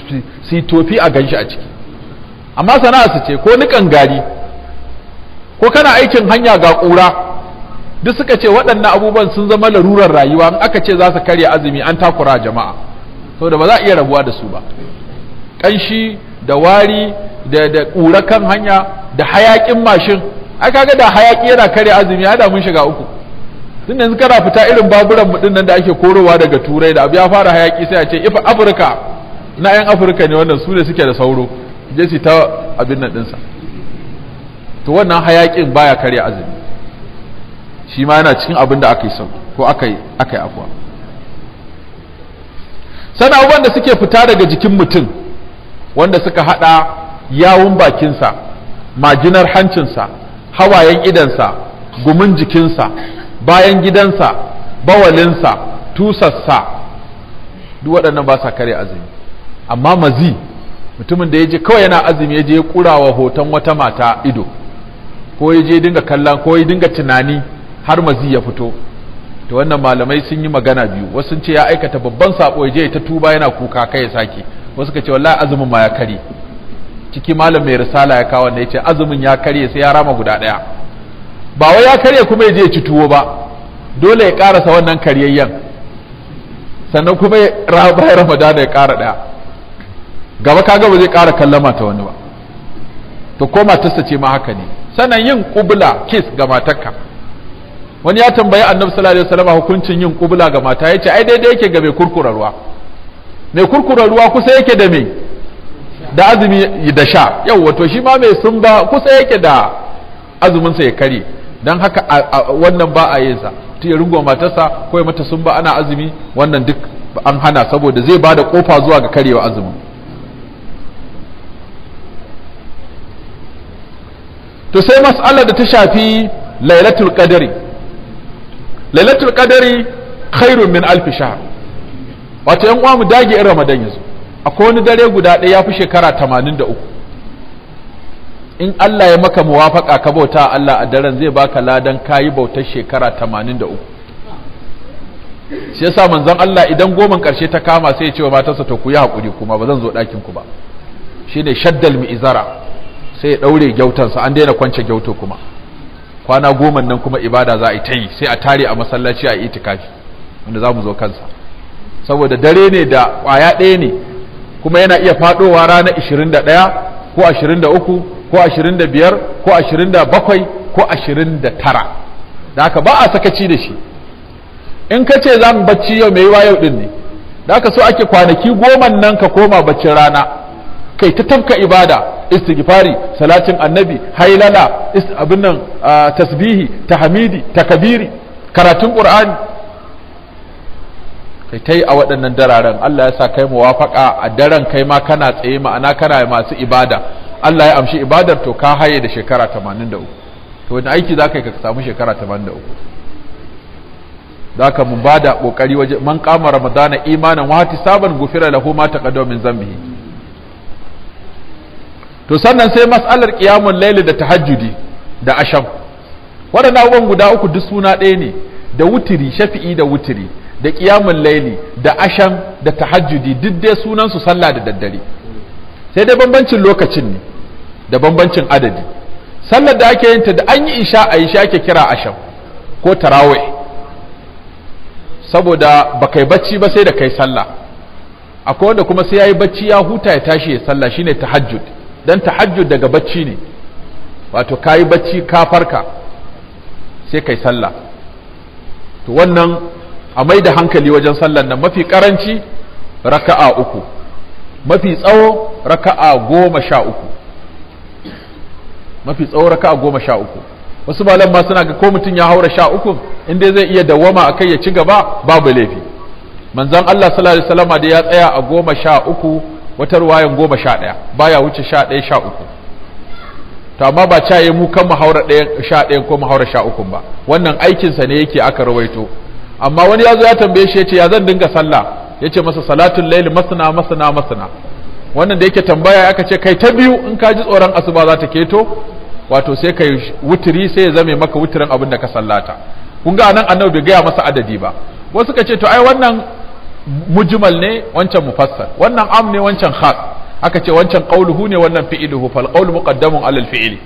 su tofi a ganshi a ciki amma sana'a su ce ko nikan gari ko kana aikin hanya ga ƙura duk suka ce waɗannan abubuwan sun zama larurar rayuwa in aka ce za su karya azumi an takura jama'a da ba za a iya rabuwa da su ba ƙanshi da wari da da ƙura kan hanya da hayaƙin mashin ai kaga da hayaƙi yana karya azumi ya da mun shiga uku tun yanzu kana fita irin baburan mu dinnan nan da ake korowa daga turai da abu ya fara hayaƙi sai a ce ifa afirka na yan afirka ne wannan su ne suke da sauro je su ta abin nan ɗinsa to wannan hayaƙin baya karya azumi shi ma yana cikin abin da aka yi sauki ko aka yi afuwa sana abubuwan da suke fita daga jikin mutum wanda suka hada yawun bakinsa maginar hancinsa hawayen idansa gumin jikinsa bayan gidansa bawalinsa tusassa duk waɗannan ba sa kare azumi amma mazi mutumin da ya je kawai yana azumi ya je ya kurawa hoton wata mata ido ko ya je dinga kallon ko ya dinga tunani har mazi ya fito to wannan malamai sun yi magana biyu wasu ce ya aikata babban sabo ya je ta tuba yana kuka kai ya sake wasu ka ce wallahi azumin ma ya kare ciki malam mai risala ya kawo ne ya ce azumin ya karye sai ya rama guda daya ba wai ya karye kuma ya je ci tuwo ba dole ya karasa wannan karyayyen sannan kuma ya bayan ramadana ya kara daya gaba kaga ba zai kara kallama ta wani ba to ko matarsa ce ma haka ne sannan yin kubula kiss ga matarka wani ya tambayi annabi sallallahu alaihi wasallam hukuncin yin kubla ga mata yace ai daidai yake ga mai kurkura ruwa mai kurkura ruwa kusa yake da mai da azumi da sha yau wato shi ma mai sumba kusa yake da azumin sa ya kare dan haka wannan ba a yin sa ta ya rungo matarsa ko ya mata sun ana azumi wannan duk an hana saboda zai bada kofa zuwa ga karewa azumin to sai mas'alar da ta shafi lailatul qadri lailatul qadari khairun min alfi shahar, wato yan uwa mu dage in ramadan yazo akwai wani dare guda ɗaya yafi shekara 83 in Allah ya maka muwafaka ka bauta Allah a daren zai baka ladan kayi bautar shekara 83 shi yasa manzon Allah idan goman karshe ta kama sai ya ce wa matarsa to ku yi hakuri kuma ba zan zo ɗakin ku ba shine shaddal mi'izara sai ya daure gyautansa an daina kwance gyauto kuma kwana goma nan kuma ibada za a yi ta yi sai a tare a masallaci a itikafi wanda za mu zo kansa saboda dare ne da kwaya ɗaya ne kuma yana iya faɗowa rana 21 ko 23 ko 25 ko 27 ko 29 da haka ba a sakaci da shi in ka ce za mu bacci yau mai yiwa yau ɗin ne da haka so ake kwanaki goma nan ka koma baccin rana kai ta tafka ibada istighfari salatin annabi hailala abin nan tasbihi tahmidi takabiri karatun qur'ani kai tai a waɗannan dararen Allah ya sa kai muwafaka a daren kai ma kana tsaye ma'ana kana masu ibada Allah ya amshi ibadar to ka haye da shekara 83 to wani aiki za ka yi ka samu shekara 83 za ka mun ba da ƙoƙari waje man kama ramadana imanin wahati saban gufira lahu ma taqaddama min zambihi to sannan sai mas'alar qiyamul laili da tahajjudi da asham waɗannan abubuwan guda uku duk suna ɗaya ne da wutiri shafi'i da wutiri da qiyamul laili da asham da tahajjudi duk dai sunan su sallah da daddare sai dai bambancin lokacin ne da bambancin adadi sallar da ake yin ta da an yi isha a yi ake kira asham ko tarawih saboda ba kai bacci ba sai da kai sallah akwai wanda kuma sai ya yi bacci ya huta ya tashi ya sallah shine tahajjud don tahajjud daga bacci ne wato ka yi bacci kafarka sai kai sallah to wannan a mai da hankali wajen sallan nan mafi karanci raka'a uku mafi tsawo raka'a goma sha uku mafi tsawo raka'a goma sha uku wasu malam ma suna ga ko mutum ya haura sha uku inda zai iya dawama a kai ya ci gaba babu laifi manzon Allah sallallahu alaihi wasallam da ya tsaya a goma sha uku wata ruwayan goma sha ɗaya baya wuce sha ɗaya sha uku to amma ba caye mu kan mahaura ɗaya sha ɗaya ko mahaura sha uku ba wannan aikinsa ne yake aka rawaito amma wani ya zo ya tambaye shi ya ce ya zan dinga sallah ya ce masa salatun laili masana masana masana wannan da yake tambaya aka ce kai ta biyu in ka ji tsoron asuba za ta keto wato sai kai wuturi sai ya zame maka wuturin abin da ka sallata kun ga anan annabi bai gaya masa adadi ba wasu ka ce to ai wannan mujmal ne wancan mufassal wannan am ne wancan khas aka ce wancan qauluhu ne wannan fi'iluhu fal qawlu muqaddamun alal fi'ili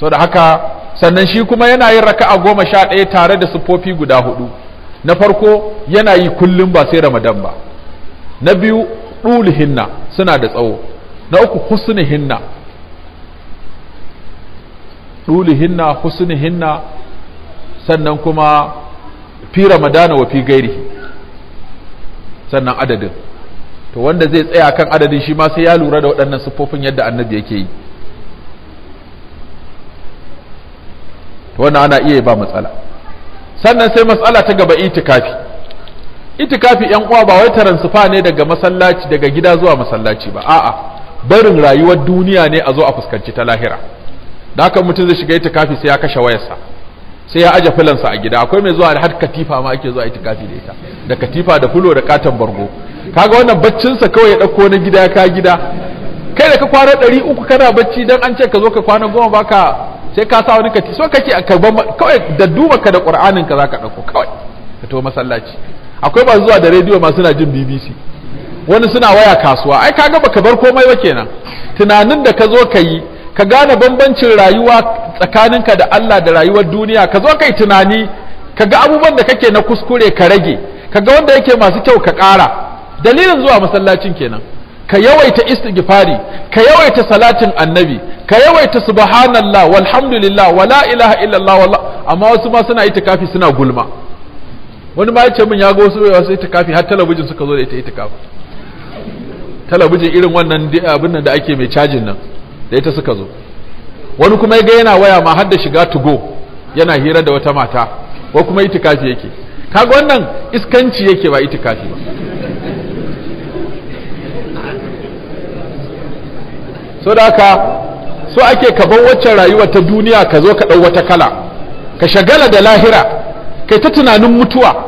so da haka sannan shi kuma yana yin raka'a goma sha ɗaya tare da sufofi guda hudu na farko yana yi kullum ba sai ramadan ba na biyu hinna suna da tsawo na uku hinna husni hinna sannan kuma fi ramadana wa fi gairihi sannan adadin to wanda zai tsaya kan adadin shi ma sai ya lura da waɗannan siffofin yadda annabi yake yi to wannan ana iya ba matsala sannan sai matsala ta gaba itikafi itikafi yan uwa ba wai taransifa ne daga masallaci daga gida zuwa masallaci ba a'a barin rayuwar duniya ne a zo a fuskanci ta lahira da haka mutum zai shiga itikafi sai ya kashe wayarsa sai ya aje filansa a gida akwai mai zuwa da har katifa ma ake zuwa itikafi da ita da katifa da fulo da katon bargo kaga wannan sa kawai ya dauko na gida ka gida kai da ka kwana ɗari uku kana bacci dan an ce ka zo ka kwana goma baka sai ka sa wani katifa so kake a karban kawai da duba ka da qur'anin ka zaka ɗauko kawai ka to masallaci akwai ba zuwa da rediyo ma suna jin BBC wani suna waya kasuwa ai kaga baka bar komai ba kenan tunanin da ka zo ka yi ka gane bambancin rayuwa tsakaninka da Allah da rayuwar duniya ka zo kai tunani ka ga abubuwan da kake na kuskure ka rage ka ga wanda yake masu kyau ka ƙara dalilin zuwa masallacin kenan ka yawaita istighfari ka yawaita salatin annabi ka yawaita subhanallah walhamdulillah wala ilaha illallah wala amma wasu ma suna itikafi suna gulma wani ma yace min ya ga wasu wasu itikafi har talabijin suka zo da ita itikafi talabijin irin wannan abin nan da ake mai cajin nan da ita suka zo wani kuma ya ga yana waya ma har da shiga to go yana hira da wata mata ko kuma itikafi yake kaga wannan iskanci yake ba itikafi ba so da haka so ake kaban waccan rayuwa ta duniya ka zo ka ɗau wata kala ka shagala da lahira kai ta tunanin mutuwa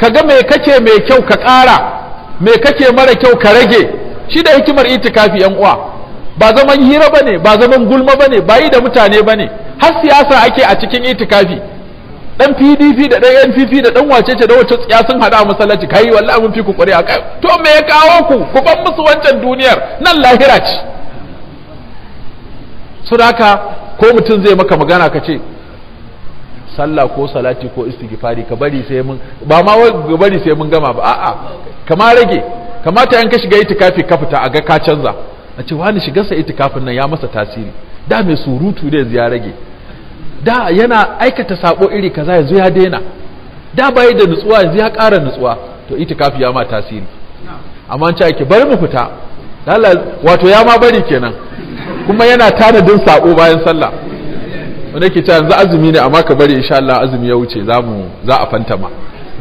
ka ga me kake mai kyau ka ƙara me kake mara kyau ka rage shi da hikimar itikafi yan uwa ba zaman hira bane ba zaman gulma bane ba yi da mutane bane har siyasa ake a cikin itikafi dan PDP da dan NPP da dan wacece da wacce tsiya sun hada masallaci kai wallahi mun fi ku a kai to me ya kawo ku ku ban musu wancan duniyar nan lahira ce suraka ko mutum zai maka magana ka ce sallah ko salati ko istighfari ka bari sai mun ba ma wai bari sai mun gama ba a'a kama rage kamata yan ka shiga itikafi ka fita a ga ka canza a ce wani shigarsa itikafin nan ya masa tasiri da mai surutu da ya rage da yana aikata sabo iri kaza yanzu ya daina da bai da nutsuwa yanzu ya ƙara nutsuwa to itikafi ya ma tasiri amma ce ake bari mu fita wato ya ma bari kenan kuma yana tanadin sabo bayan sallah wanda ke ta yanzu azumi ne amma ka bari insha Allah azumi ya wuce za za a fantama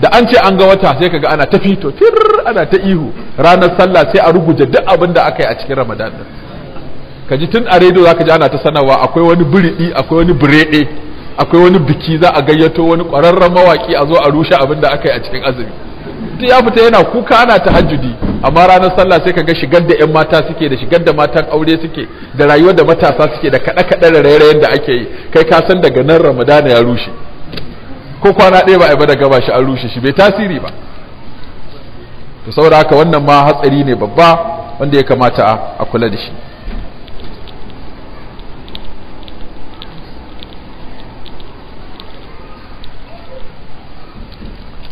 da an ce an ga wata sai kaga ana ta fito tir ana ta ihu ranar sallah sai a rubuta duk abin da aka yi a cikin ramadan din ka ji tun a rediyo zaka ji ana ta sanarwa akwai wani biridi akwai wani birede akwai wani biki za a gayyato wani kwararren mawaki a zo a rushe abin da aka yi a cikin azumi duk ya fita yana kuka ana tahajjudi amma ranar sallah sai kaga shigar da yan mata suke da shigar da matan aure suke da rayuwar da matasa suke da kaɗe-kaɗe da raye-rayen da ake yi kai ka san daga nan ramadana ya rushe ko kwana ɗaya ba a ba da gaba shi an rushe shi bai tasiri ba to saboda haka wannan ma hatsari ne babba wanda ya kamata a kula da shi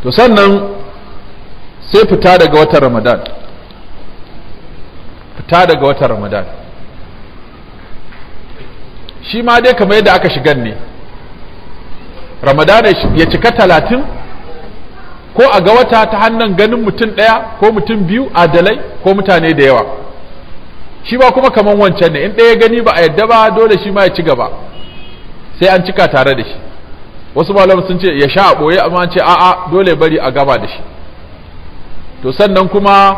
to sannan sai fita daga watan ramadan fita daga watan ramadan shi ma dai kamar yadda aka shigan ne ramadana ya cika talatin ko a ga wata ta hannun ganin mutum ɗaya ko mutum biyu adalai ko mutane da yawa shi ba kuma kaman wancan ne in ɗaya gani ba a yadda ba dole shi ma ya ci gaba sai an cika tare da shi wasu malam sun ce ya sha a ɓoye amma an ce a'a dole bari a gama da shi to sannan kuma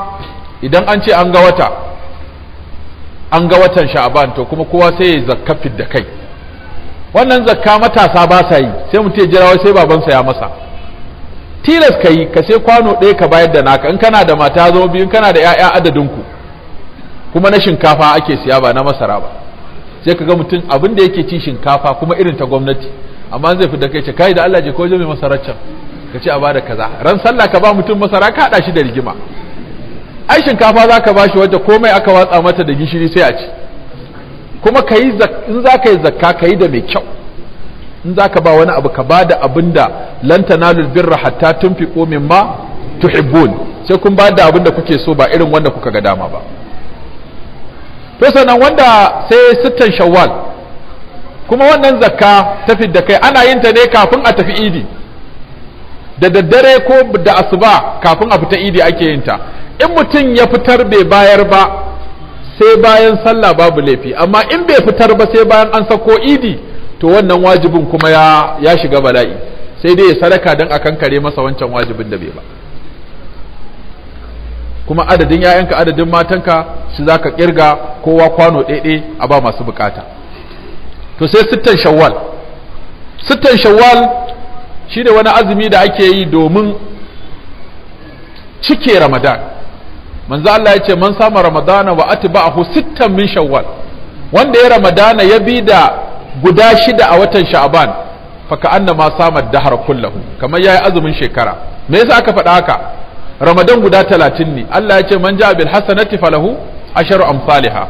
idan an ce an ga wata an ga watan sha'aban to kuma kowa sai ya zakka da kai wannan zakka matasa ba sa yi sai mutum ya jira wai sai babansa ya masa tilas ka yi ka sai kwano ɗaya ka bayar da naka in kana da mata zama biyu in kana da 'ya'ya adadin kuma na shinkafa ake siya ba na masara ba sai ka ga mutum abin da yake ci shinkafa kuma irin ta gwamnati amma zai fi da kai ce kai da Allah je ko je mai ka ce a bada kaza ran sallah ka ba mutum masara ka hada shi da rigima ai shinkafa za ka ba shi wadda komai aka watsa mata da gishiri sai a ci kuma ka in za ka yi zakka ka yi da mai kyau in za ka ba wani abu ka ba da abin da lantana lulbirra hatta tun fi komin ma tuhibbun sai kun ba da abin da kuke so ba irin wanda kuka ga dama ba to sannan wanda sai sittan shawwal kuma wannan zakka ta da kai ana yin ta ne kafin a tafi idi da daddare ko da asuba kafin a fita idi ake yin ta in mutum ya fitar bai bayar ba sai bayan sallah babu laifi amma in bai fitar ba sai bayan an sako idi to wannan wajibin kuma ya ya shiga bala'i sai dai ya sadaka dan a kare masa wancan wajibin da bai ba kuma adadin 'ya'yanka adadin matanka shi zaka kirga kowa kwano ɗaiɗe a ba masu bukata to sai sittan shawwal sittan shawwal shi wani azumi da ake yi domin cike ramadan manzo Allah ya ce man sama ramadana wa atba'ahu sittan min shawwal wanda ya ramadana ya bi da guda shida a watan sha'ban fa ka annama sama dahar kullahu kamar yayi azumin shekara me yasa aka faɗa haka ramadan guda talatin ne Allah ya ce man ja bil hasanati falahu asharu amsalha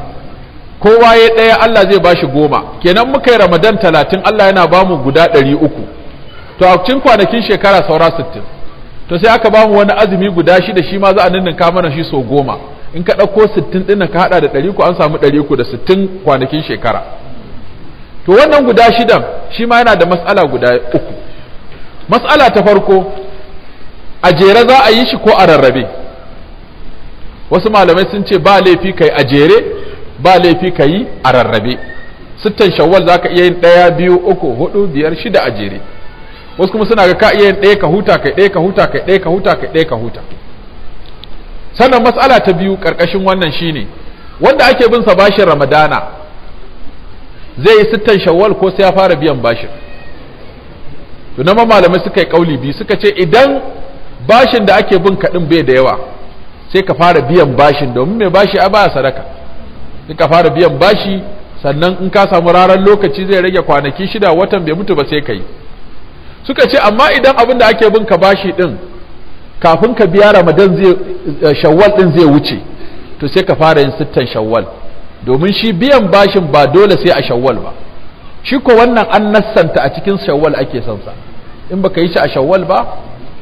kowa ya ɗaya Allah zai bashi goma kenan muka yi ramadan talatin Allah yana bamu guda 300 to a cikin kwanakin shekara saura sittin. to sai aka bamu wani azumi guda shida shi ma za a ninninka mana shi sau goma in ka ɗauko sittin ɗin ka haɗa da ɗari ku an samu ɗari ku da sittin kwanakin shekara to wannan guda shidan shi ma yana da matsala guda uku matsala ta farko a jere za a yi shi ko a rarrabe wasu malamai sun ce ba laifi kai a jere ba laifi kai a rarrabe sittan shawwal za ka iya yin ɗaya biyu uku hudu biyar shida a jere wasu kuma suna ga ka iya yin ɗaya ka huta kai ɗaya ka huta kai ɗaya ka huta kai ɗaya ka huta sannan matsala ta biyu ƙarƙashin wannan shine wanda ake bin sa bashin ramadana zai yi sittan shawwal ko sai ya fara biyan bashin to na malamai suka yi kauli biyu suka ce idan bashin da ake bin kaɗin bai da yawa sai ka fara biyan bashin domin mai bashi a baya sadaka sai ka fara biyan bashi sannan in ka samu ranar lokaci zai rage kwanaki shida watan bai mutu ba sai ka yi suka ce amma idan abin da ake bin ka bashi din kafin ka biya ramadan zai eh, shawwal din zai wuce to sai ka fara yin sittan shawwal domin shi biyan bashin ba dole sai a shawwal ba shi ko wannan an nassanta a cikin shawwal ake son sa in baka yi shi a shawwal ba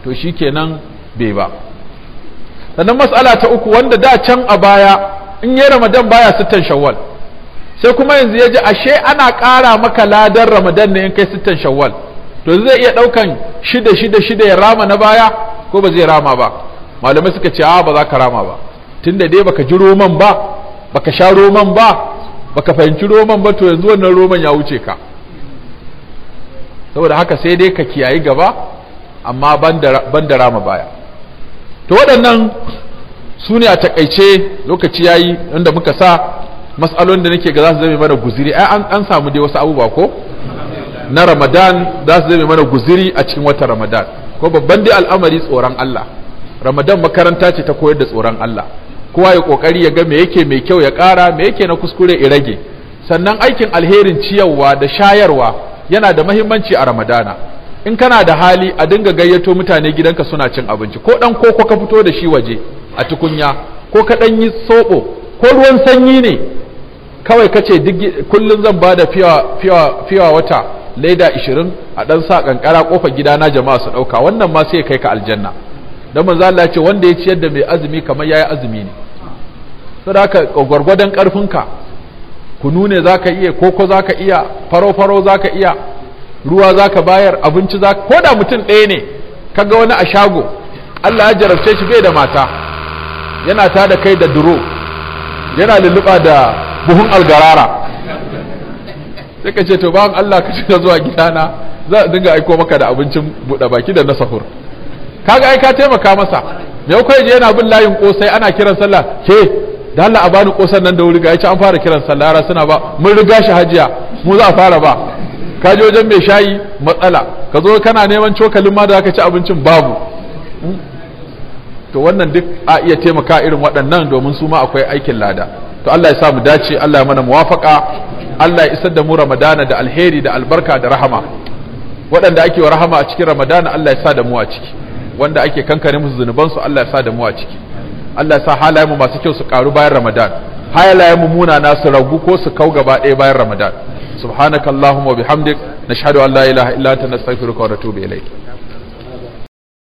to shi kenan bai ba sannan mas'ala ta uku wanda da can a baya in yi ramadan baya sittan shawwal sai kuma yanzu ya ji ashe ana ƙara maka ladan ramadan ne in kai sittan shawwal to zai iya ɗaukan shida shida shida ya rama na baya ko ba zai rama ba malamai suka ce a ba za ka rama ba tunda dai baka ji roman ba baka sha roman ba baka fahimci roman ba to yanzu wannan roman ya wuce ka saboda haka sai dai ka kiyayi gaba amma ban da rama baya to waɗannan su ne a takaice lokaci ya yi inda muka sa matsalolin da nake ga za su zame mana guziri ai an samu dai wasu abubuwa ko na ramadan za su zame mana guziri a cikin watan ramadan ko babban dai al'amari tsoron Allah ramadan makaranta ce ta koyar da tsoron Allah kowa ya kokari ya ga me yake mai kyau ya ƙara me yake na kuskure ya rage sannan aikin alherin ciyarwa da shayarwa yana da mahimmanci a ramadana in kana da hali a dinga gayyato mutane gidanka suna cin abinci ko ɗan koko ka fito da shi waje a tukunya ko ka dan yi soɓo ko ruwan sanyi ne kawai ka ce kullum zan ba da wata leda 20 a dan sa kankara kofar gidana jama'a su dauka wannan ma sai kai ka aljanna dan manzo Allah ya ce wanda ya ciyar da mai azumi kamar yayi azumi ne saboda haka karfin karfinka kunu ne zaka iya koko zaka iya faro faro zaka iya ruwa zaka bayar abinci zaka koda mutum ɗaya ne kaga wani a shago Allah ya jarabce shi bai da mata yana tada kai da duro yana lulluɓa da buhun algarara sai ka ce to ba Allah ka ci zuwa gidana za a dinga aiko maka da abincin buɗe baki da na sahur kaga ai ka taimaka masa me kai je yana bin layin kosai ana kiran sallah ke da Allah a bani kosan nan da wuri ga yace an fara kiran sallah yara suna ba mun riga shi hajiya mu za a fara ba ka je wajen mai shayi matsala ka zo kana neman cokalin ma da zaka ci abincin babu hmm? to wannan duk a iya taimaka irin waɗannan domin su ma akwai aikin lada to Allah ya sa mu dace Allah ya mana muwafaka Allah ya isar da mu ramadana da alheri da albarka da rahama waɗanda ake wa rahama a cikin ramadana Allah ya sa da mu a ciki wanda ake kankare musu zunubansu Allah ya sa da mu a ciki Allah ya sa halayen mu masu kyau su karu bayan ramadan halayen mu munana su ragu ko su kau gaba ɗaya bayan ramadan subhanakallahumma wa bihamdik nashhadu an la ilaha illa anta nastaghfiruka wa natubu ilayk